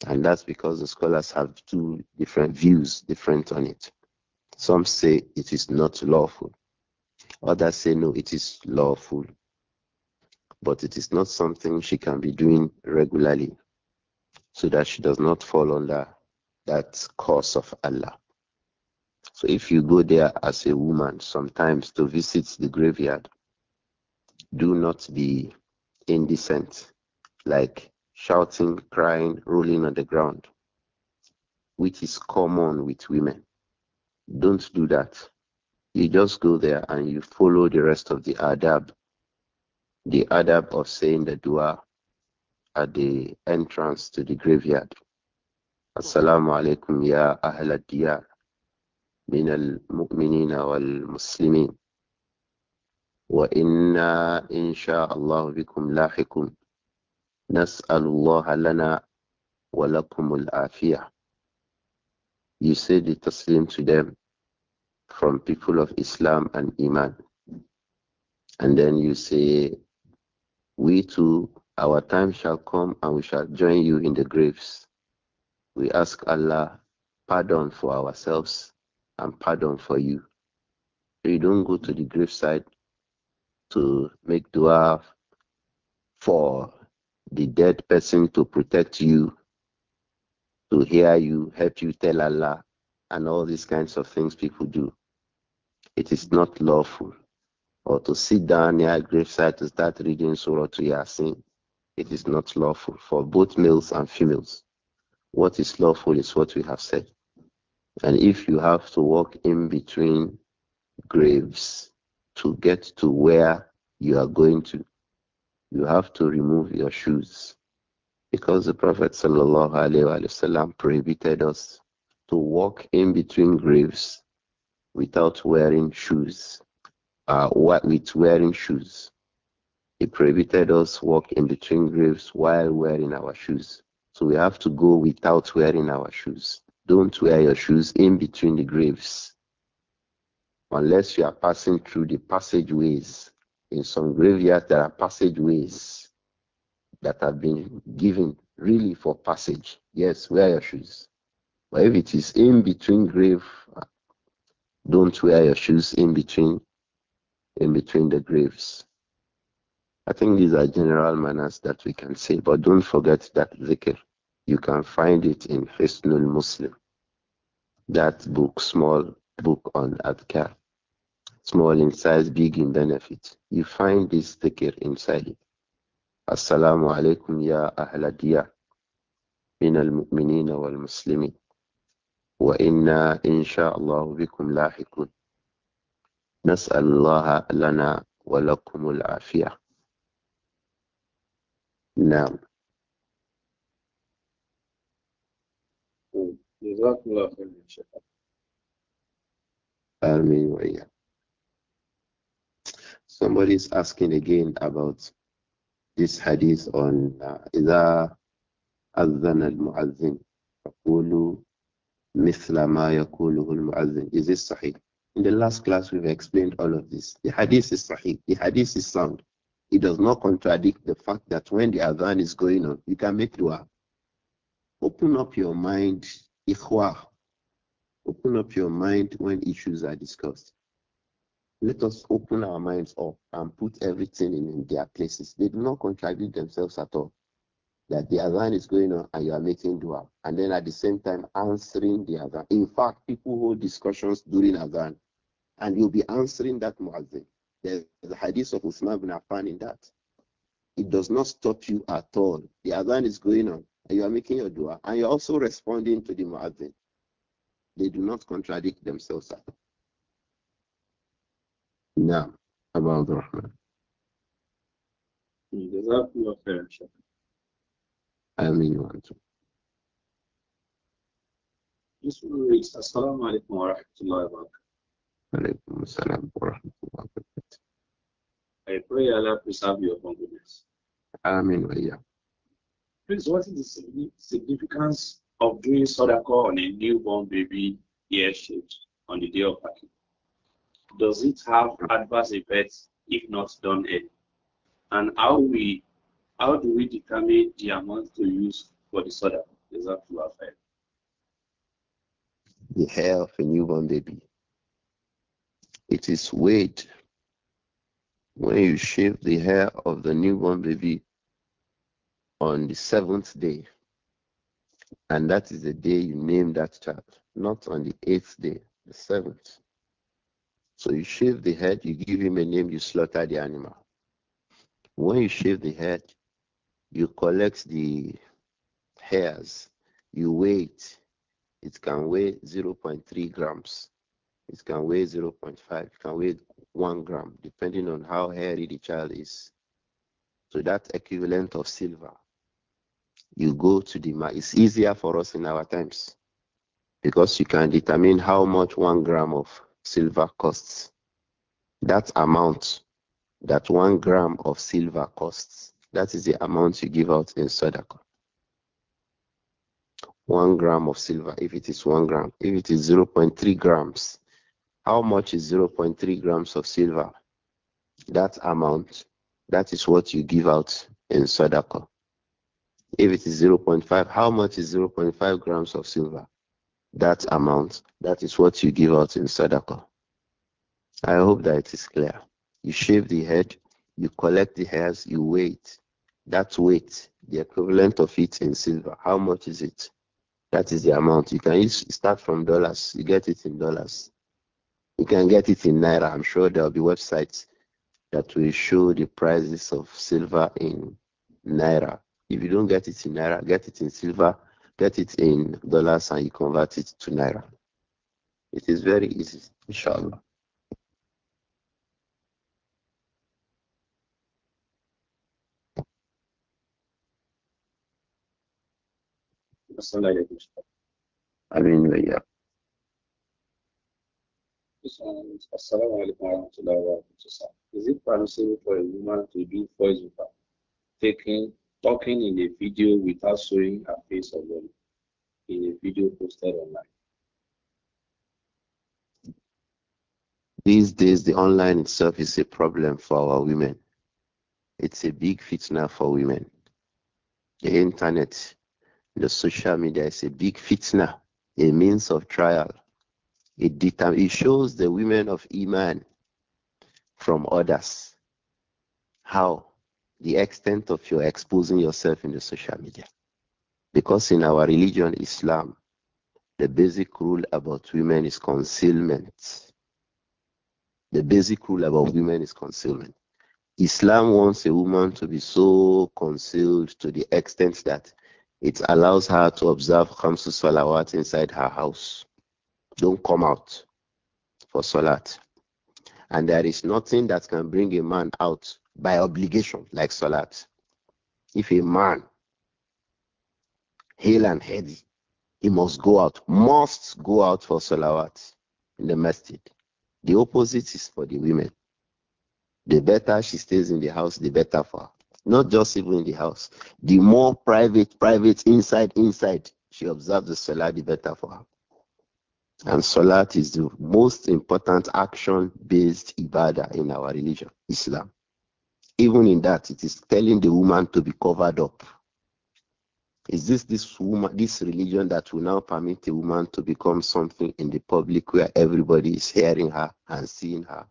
And that's because the scholars have two different views, different on it. Some say it is not lawful. Others say, no, it is lawful. But it is not something she can be doing regularly so that she does not fall under that curse of Allah. So if you go there as a woman sometimes to visit the graveyard, do not be indecent, like shouting, crying, rolling on the ground, which is common with women. Don't do that. You just go there and you follow the rest of the adab, the adab of saying the dua at the entrance to the graveyard. Assalamu alaikum ya ahl al-diyar min al-mu'minin wal-muslimin wa inna insha insha'Allah bikum lahikum lana wa lakum al afiyah. You say the taslim to them from people of Islam and Iman. And then you say, We too, our time shall come and we shall join you in the graves. We ask Allah pardon for ourselves and pardon for you. You don't go to the graveside to make dua for the dead person to protect you, to hear you, help you tell Allah, and all these kinds of things people do. It is not lawful. Or to sit down near a gravesite to start reading Surah to Yasin. It is not lawful for both males and females. What is lawful is what we have said. And if you have to walk in between graves to get to where you are going to, you have to remove your shoes. Because the Prophet ﷺ prohibited us to walk in between graves without wearing shoes, uh, with wearing shoes. He prohibited us walk in between graves while wearing our shoes. So we have to go without wearing our shoes. Don't wear your shoes in between the graves. Unless you are passing through the passageways. In some graveyards, there are passageways that have been given really for passage. Yes, wear your shoes. But if it is in between grave don't wear your shoes in between in between the graves. I think these are general manners that we can say, but don't forget that zikr. You can find it in Hisnul Muslim. That book, small book on adkar, Small in size, big in benefit. You find this zikr inside it. Assalamu alaikum ya ahladiyah min al-mu'minina wal-muslimin. وإنا إن شاء الله بكم لاحقون نسأل الله لنا ولكم العافية نعم جزاكم الله خير إن شاء الله آمين وإياك Somebody is asking again about this hadith on إذا أذن المؤذن فقولوا مثل ما يقوله المؤذن is this sahih in the last class we've explained all of this the hadith is sahih the hadith is sound it does not contradict the fact that when the adhan is going on you can make dua open up your mind ikhwa open up your mind when issues are discussed let us open our minds up and put everything in their places they do not contradict themselves at all that the Adhan is going on and you are making dua. And then at the same time answering the Adhan. In fact, people hold discussions during Adhan and you'll be answering that Muazzin. There's the hadith of Usman ibn Affan in that. It does not stop you at all. The Adhan is going on and you are making your dua and you're also responding to the Muazzin. They do not contradict themselves at all. Now, about the Rahman. آمين وأنتم السلام عليكم ورحمة الله وبركاته I pray Allah preserve your humbleness. Amen. Yeah. Please, what is the significance of doing sadaqah on a newborn baby ear shaped on the day of packing? Does it have adverse effects if not done early? And how we how do we determine the amount to use for the soda? Is that true or fair? The hair of a newborn baby. It is weighed. When you shave the hair of the newborn baby on the seventh day, and that is the day you name that child, not on the eighth day, the seventh. So you shave the head, you give him a name, you slaughter the animal. When you shave the head, you collect the hairs, you weigh it. It can weigh 0.3 grams, it can weigh 0.5, it can weigh 1 gram, depending on how hairy the child is. So that equivalent of silver, you go to the market. It's easier for us in our times because you can determine how much 1 gram of silver costs. That amount that 1 gram of silver costs that is the amount you give out in Sadaqah. One gram of silver, if it is one gram, if it is 0.3 grams, how much is 0.3 grams of silver? That amount, that is what you give out in Sadaqah. If it is 0.5, how much is 0.5 grams of silver? That amount, that is what you give out in Sadaqah. I hope that it is clear. You shave the head, you collect the hairs, you weight. That weight, the equivalent of it in silver, how much is it? That is the amount. You can start from dollars. You get it in dollars. You can get it in naira. I'm sure there will be websites that will show the prices of silver in naira. If you don't get it in naira, get it in silver, get it in dollars, and you convert it to naira. It is very easy, inshallah. sallallahu alaihi wasallam amin wa iyyakum Assalamu alaikum wa rahmatullahi wa barakatuh. Is it permissible for a woman to do voiceover, taking, talking in a video without showing her face or body in a video posted online? These days, the online itself is a problem for our women. It's a big fitna for women. The internet the social media is a big fitna, a means of trial. It, determ- it shows the women of Iman from others. How? The extent of your exposing yourself in the social media. Because in our religion, Islam, the basic rule about women is concealment. The basic rule about women is concealment. Islam wants a woman to be so concealed to the extent that it allows her to observe Khamsu Salawat inside her house. Don't come out for Salat. And there is nothing that can bring a man out by obligation like Salat. If a man, hale and heady, he must go out, must go out for Salawat in the masjid. The opposite is for the women. The better she stays in the house, the better for her not just even in the house. The more private, private, inside, inside, she observes the salah, the better for her. And salat is the most important action based ibadah in our religion, Islam. Even in that, it is telling the woman to be covered up. Is this this woman, this religion that will now permit a woman to become something in the public where everybody is hearing her and seeing her?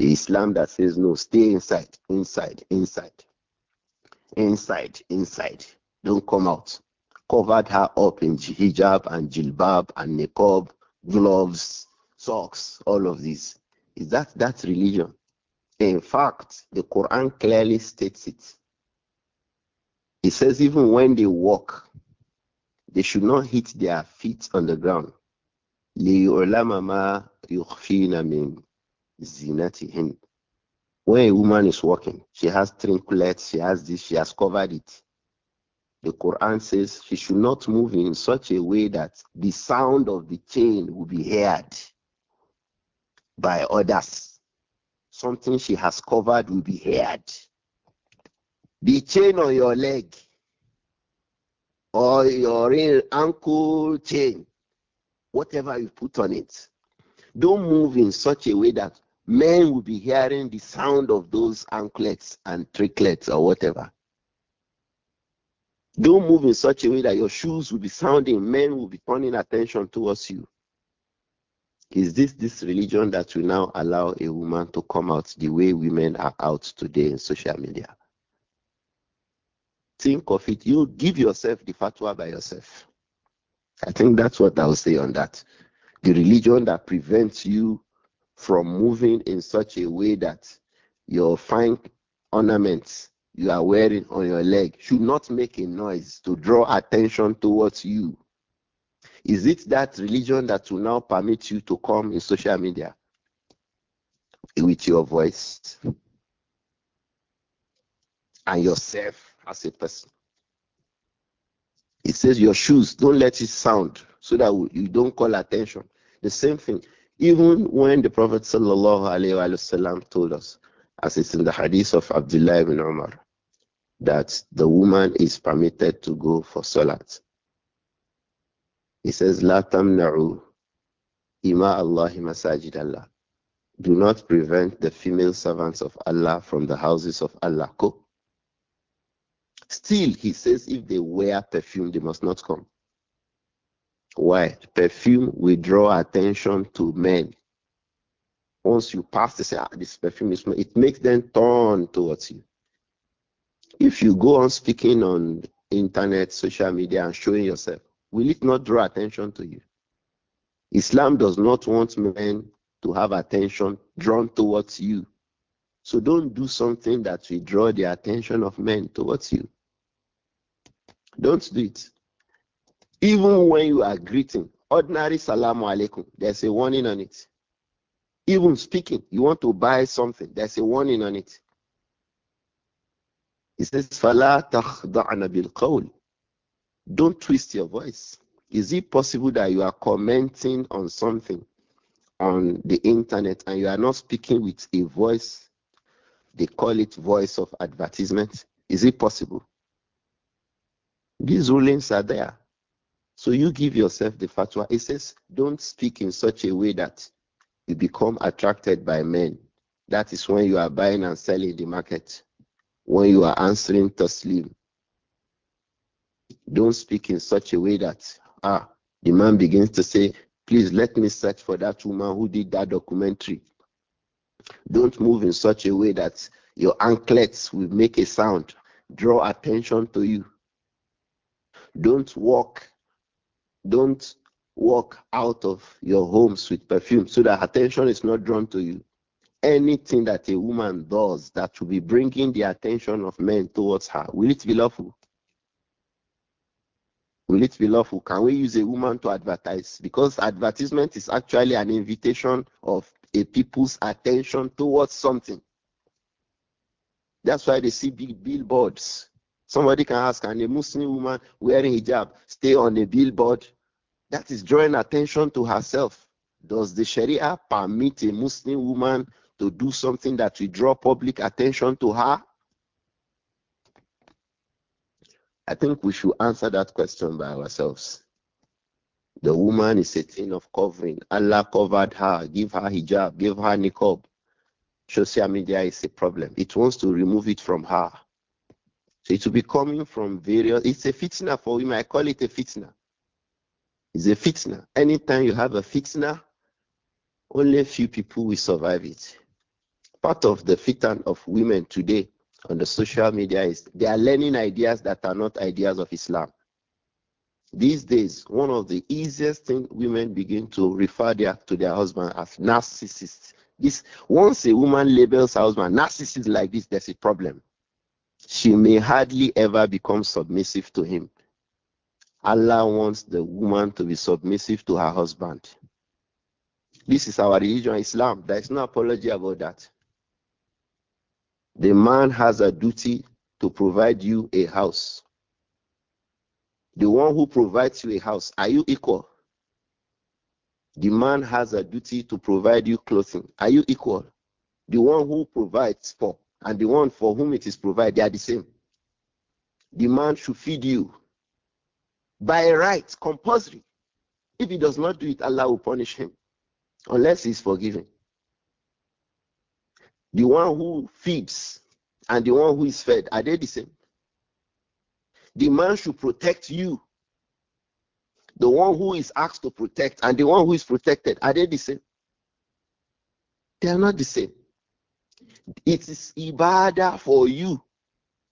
The Islam that says no, stay inside, inside, inside, inside, inside. Don't come out. Covered her up in hijab and jilbab and niqab, gloves, socks, all of these. Is that that religion? In fact, the Quran clearly states it. It says even when they walk, they should not hit their feet on the ground zinatihin. When a woman is walking, she has trinklets, she has this, she has covered it. The Quran says she should not move in such a way that the sound of the chain will be heard by others. Something she has covered will be heard. The chain on your leg or your ankle chain, whatever you put on it, don't move in such a way that men will be hearing the sound of those anklets and tricklets or whatever. Don't move in such a way that your shoes will be sounding, men will be turning attention towards you. Is this this religion that will now allow a woman to come out the way women are out today in social media? Think of it. You give yourself the fatwa by yourself. I think that's what I'll say on that. The religion that prevents you from moving in such a way that your fine ornaments you are wearing on your leg should not make a noise to draw attention towards you. Is it that religion that will now permit you to come in social media with your voice and yourself as a person? It says your shoes, don't let it sound so that you don't call attention. The same thing. Even when the Prophet told us, as it's in the hadith of Abdullah ibn Umar, that the woman is permitted to go for salat. He says, La tamna'u ima Allahi masajid Allah. Do not prevent the female servants of Allah from the houses of Allah. Still, he says, if they wear perfume, they must not come. Why? Perfume will draw attention to men. Once you pass this, ah, this perfume is, it makes them turn towards you. If you go on speaking on internet, social media, and showing yourself, will it not draw attention to you? Islam does not want men to have attention drawn towards you. So don't do something that will draw the attention of men towards you. Don't do it. Even when you are greeting, ordinary salamu alaikum, there's a warning on it. Even speaking, you want to buy something, there's a warning on it. He says, بِالْقَوْلِ Don't twist your voice. Is it possible that you are commenting on something on the internet and you are not speaking with a voice? They call it voice of advertisement. Is it possible? These rulings are there. So you give yourself the fatwa. It says, don't speak in such a way that you become attracted by men. That is when you are buying and selling the market, when you are answering taslim. Don't speak in such a way that ah, the man begins to say, please let me search for that woman who did that documentary. Don't move in such a way that your anklets will make a sound, draw attention to you. Don't walk don't walk out of your homes with perfume so that attention is not drawn to you. Anything that a woman does that will be bringing the attention of men towards her, will it be lawful? Will it be lawful? Can we use a woman to advertise? Because advertisement is actually an invitation of a people's attention towards something. That's why they see big billboards Somebody can ask, can a Muslim woman wearing hijab stay on a billboard? That is drawing attention to herself. Does the Sharia permit a Muslim woman to do something that will draw public attention to her? I think we should answer that question by ourselves. The woman is a thing of covering. Allah covered her, give her hijab, give her niqab. Social media is a problem. It wants to remove it from her. So it will be coming from various. It's a fitna for women. I call it a fitna. It's a fitna. Anytime you have a fitna, only a few people will survive it. Part of the fitan of women today on the social media is they are learning ideas that are not ideas of Islam. These days, one of the easiest things women begin to refer their, to their husband as narcissists. This once a woman labels her husband narcissist like this, there's a problem she may hardly ever become submissive to him. Allah wants the woman to be submissive to her husband. This is our religion, Islam. There is no apology about that. The man has a duty to provide you a house. The one who provides you a house, are you equal? The man has a duty to provide you clothing. Are you equal? The one who provides for and the one for whom it is provided, they are the same. The man should feed you by right, compulsory. If he does not do it, Allah will punish him unless he is forgiven. The one who feeds and the one who is fed, are they the same? The man should protect you. The one who is asked to protect and the one who is protected, are they the same? They are not the same. It is ibadah for you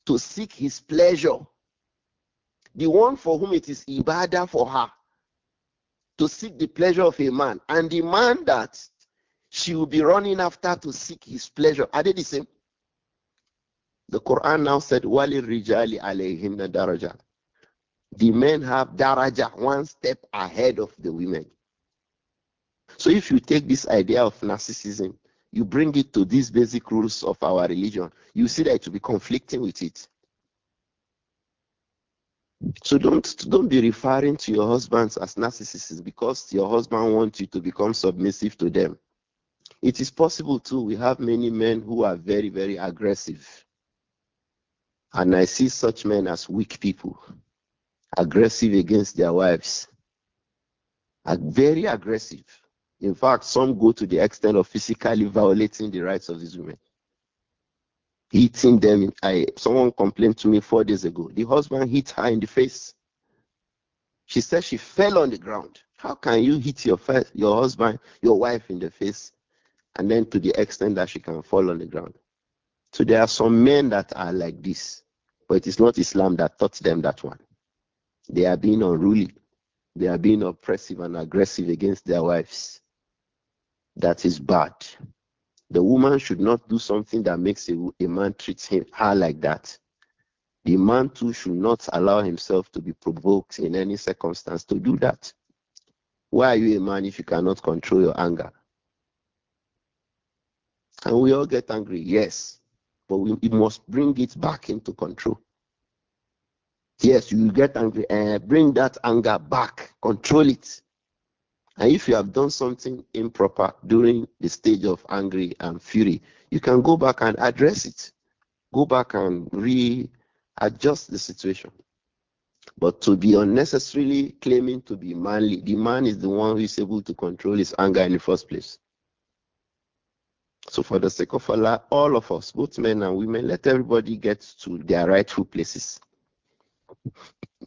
to seek his pleasure. The one for whom it is ibadah for her to seek the pleasure of a man, and the man that she will be running after to seek his pleasure. Are they the same? The Quran now said, Wali Rijali alayhinna daraja. The men have daraja, one step ahead of the women. So if you take this idea of narcissism you bring it to these basic rules of our religion, you see that it will be conflicting with it. So don't don't be referring to your husbands as narcissists because your husband wants you to become submissive to them. It is possible too. We have many men who are very, very aggressive. And I see such men as weak people, aggressive against their wives, very aggressive. In fact, some go to the extent of physically violating the rights of these women, hitting them. I someone complained to me four days ago. The husband hit her in the face. She said she fell on the ground. How can you hit your first, your husband, your wife in the face, and then to the extent that she can fall on the ground? So there are some men that are like this, but it is not Islam that taught them that one. They are being unruly, they are being oppressive and aggressive against their wives that is bad. The woman should not do something that makes a, a man treat him, her like that. The man too should not allow himself to be provoked in any circumstance to do that. Why are you a man if you cannot control your anger? And we all get angry, yes, but we, we must bring it back into control. Yes, you get angry and eh, bring that anger back, control it. And if you have done something improper during the stage of anger and fury, you can go back and address it. Go back and readjust the situation. But to be unnecessarily claiming to be manly, the man is the one who is able to control his anger in the first place. So, for the sake of Allah, all of us, both men and women, let everybody get to their rightful places.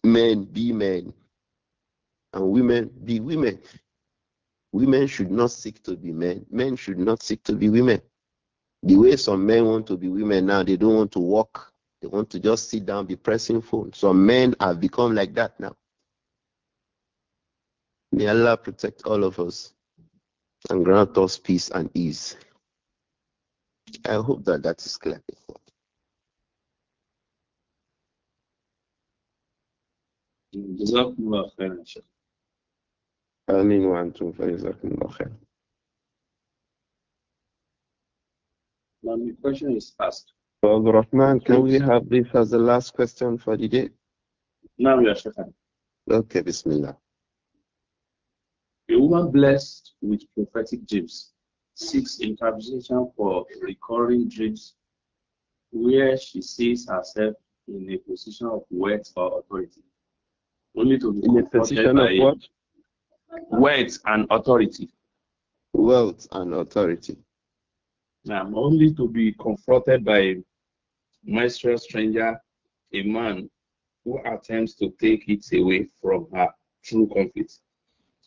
Men be men, and women be women. Women should not seek to be men. Men should not seek to be women. The way some men want to be women now, they don't want to walk. They want to just sit down, be pressing phone. Some men have become like that now. May Allah protect all of us and grant us peace and ease. I hope that that is clear. جزاكم الله خيرا ان شاء الله آمين وأنتم فجزاكم الله خير. My question is asked. can we have this as the last question for the day? Now we are shaken. Okay, Bismillah. A woman blessed with prophetic dreams seeks interpretation for recurring dreams where she sees herself in a position of wealth or authority, only to be in a position of what? Wealth and authority. Wealth and authority. Now, only to be confronted by a menstrual stranger, a man who attempts to take it away from her through conflict.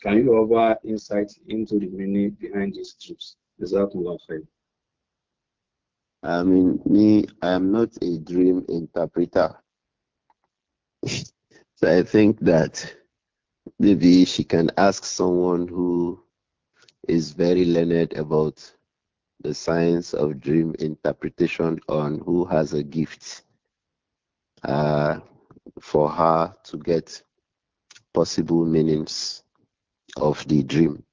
Can you offer insight into the meaning behind these truths? Is that what I mean, me, I am not a dream interpreter. so I think that Maybe she can ask someone who is very learned about the science of dream interpretation on who has a gift uh, for her to get possible meanings of the dream.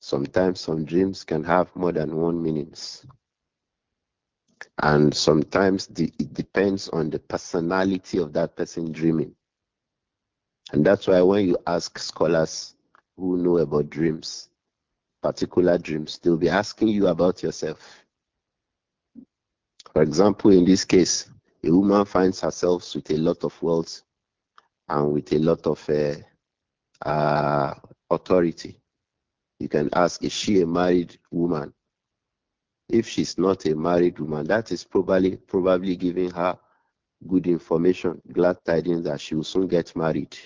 Sometimes some dreams can have more than one meanings. And sometimes the, it depends on the personality of that person dreaming. And that's why when you ask scholars who know about dreams, particular dreams, they'll be asking you about yourself. For example, in this case, a woman finds herself with a lot of wealth and with a lot of uh, uh, authority. You can ask, is she a married woman? If she's not a married woman, that is probably probably giving her good information, glad tidings that she will soon get married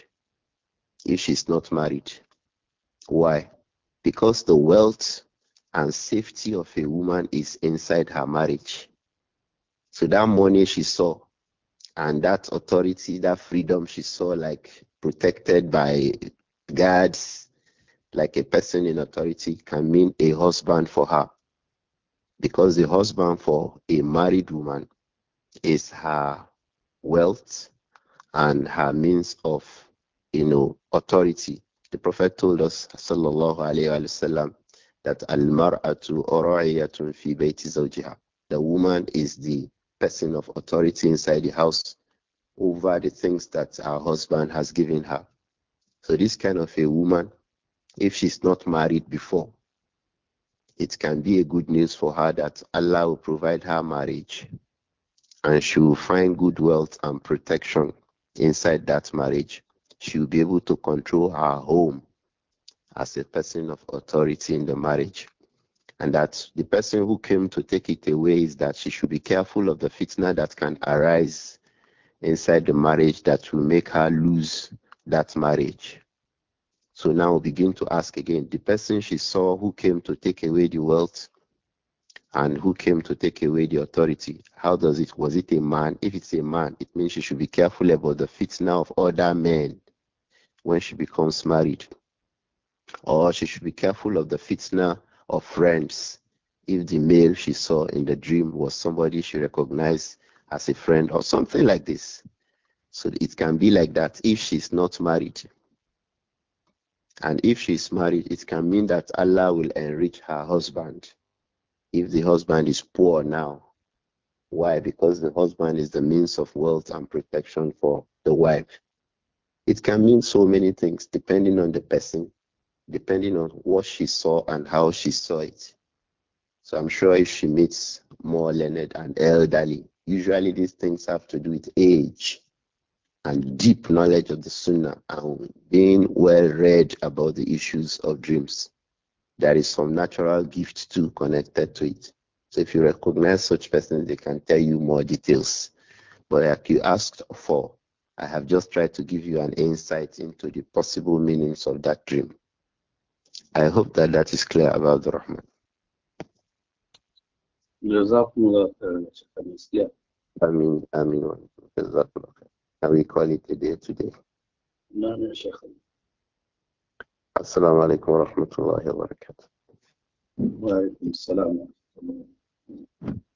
if she's not married. Why? Because the wealth and safety of a woman is inside her marriage. So that money she saw and that authority, that freedom she saw, like protected by guards, like a person in authority, can mean a husband for her. Because the husband for a married woman is her wealth and her means of you know, authority. The Prophet told us, sallallahu alayhi wasallam, that al-mar'atu ura'iyatun fi bayti zawjiha. The woman is the person of authority inside the house over the things that her husband has given her. So this kind of a woman, if she's not married before, it can be a good news for her that Allah will provide her marriage and she will find good wealth and protection inside that marriage she'll be able to control her home as a person of authority in the marriage. And that the person who came to take it away is that she should be careful of the fitna that can arise inside the marriage that will make her lose that marriage. So now we begin to ask again the person she saw who came to take away the wealth and who came to take away the authority. How does it? Was it a man? If it's a man, it means she should be careful about the fitna of other men when she becomes married. Or she should be careful of the fitna of friends. If the male she saw in the dream was somebody she recognized as a friend or something like this. So it can be like that if she's not married. And if she's married, it can mean that Allah will enrich her husband. If the husband is poor now, why? Because the husband is the means of wealth and protection for the wife. It can mean so many things depending on the person, depending on what she saw and how she saw it. So I'm sure if she meets more learned and elderly, usually these things have to do with age and deep knowledge of the Sunnah and being well read about the issues of dreams. There is some natural gift too connected to it. So if you recognize such persons, they can tell you more details. But like you asked for, I have just tried to give you an insight into the possible meanings of that dream. I hope that that is clear about the Rahman. I mean, I mean, can we call it a day today? Assalamu alaikum wa rahmatullahi wa barakatuh. Wa alaikum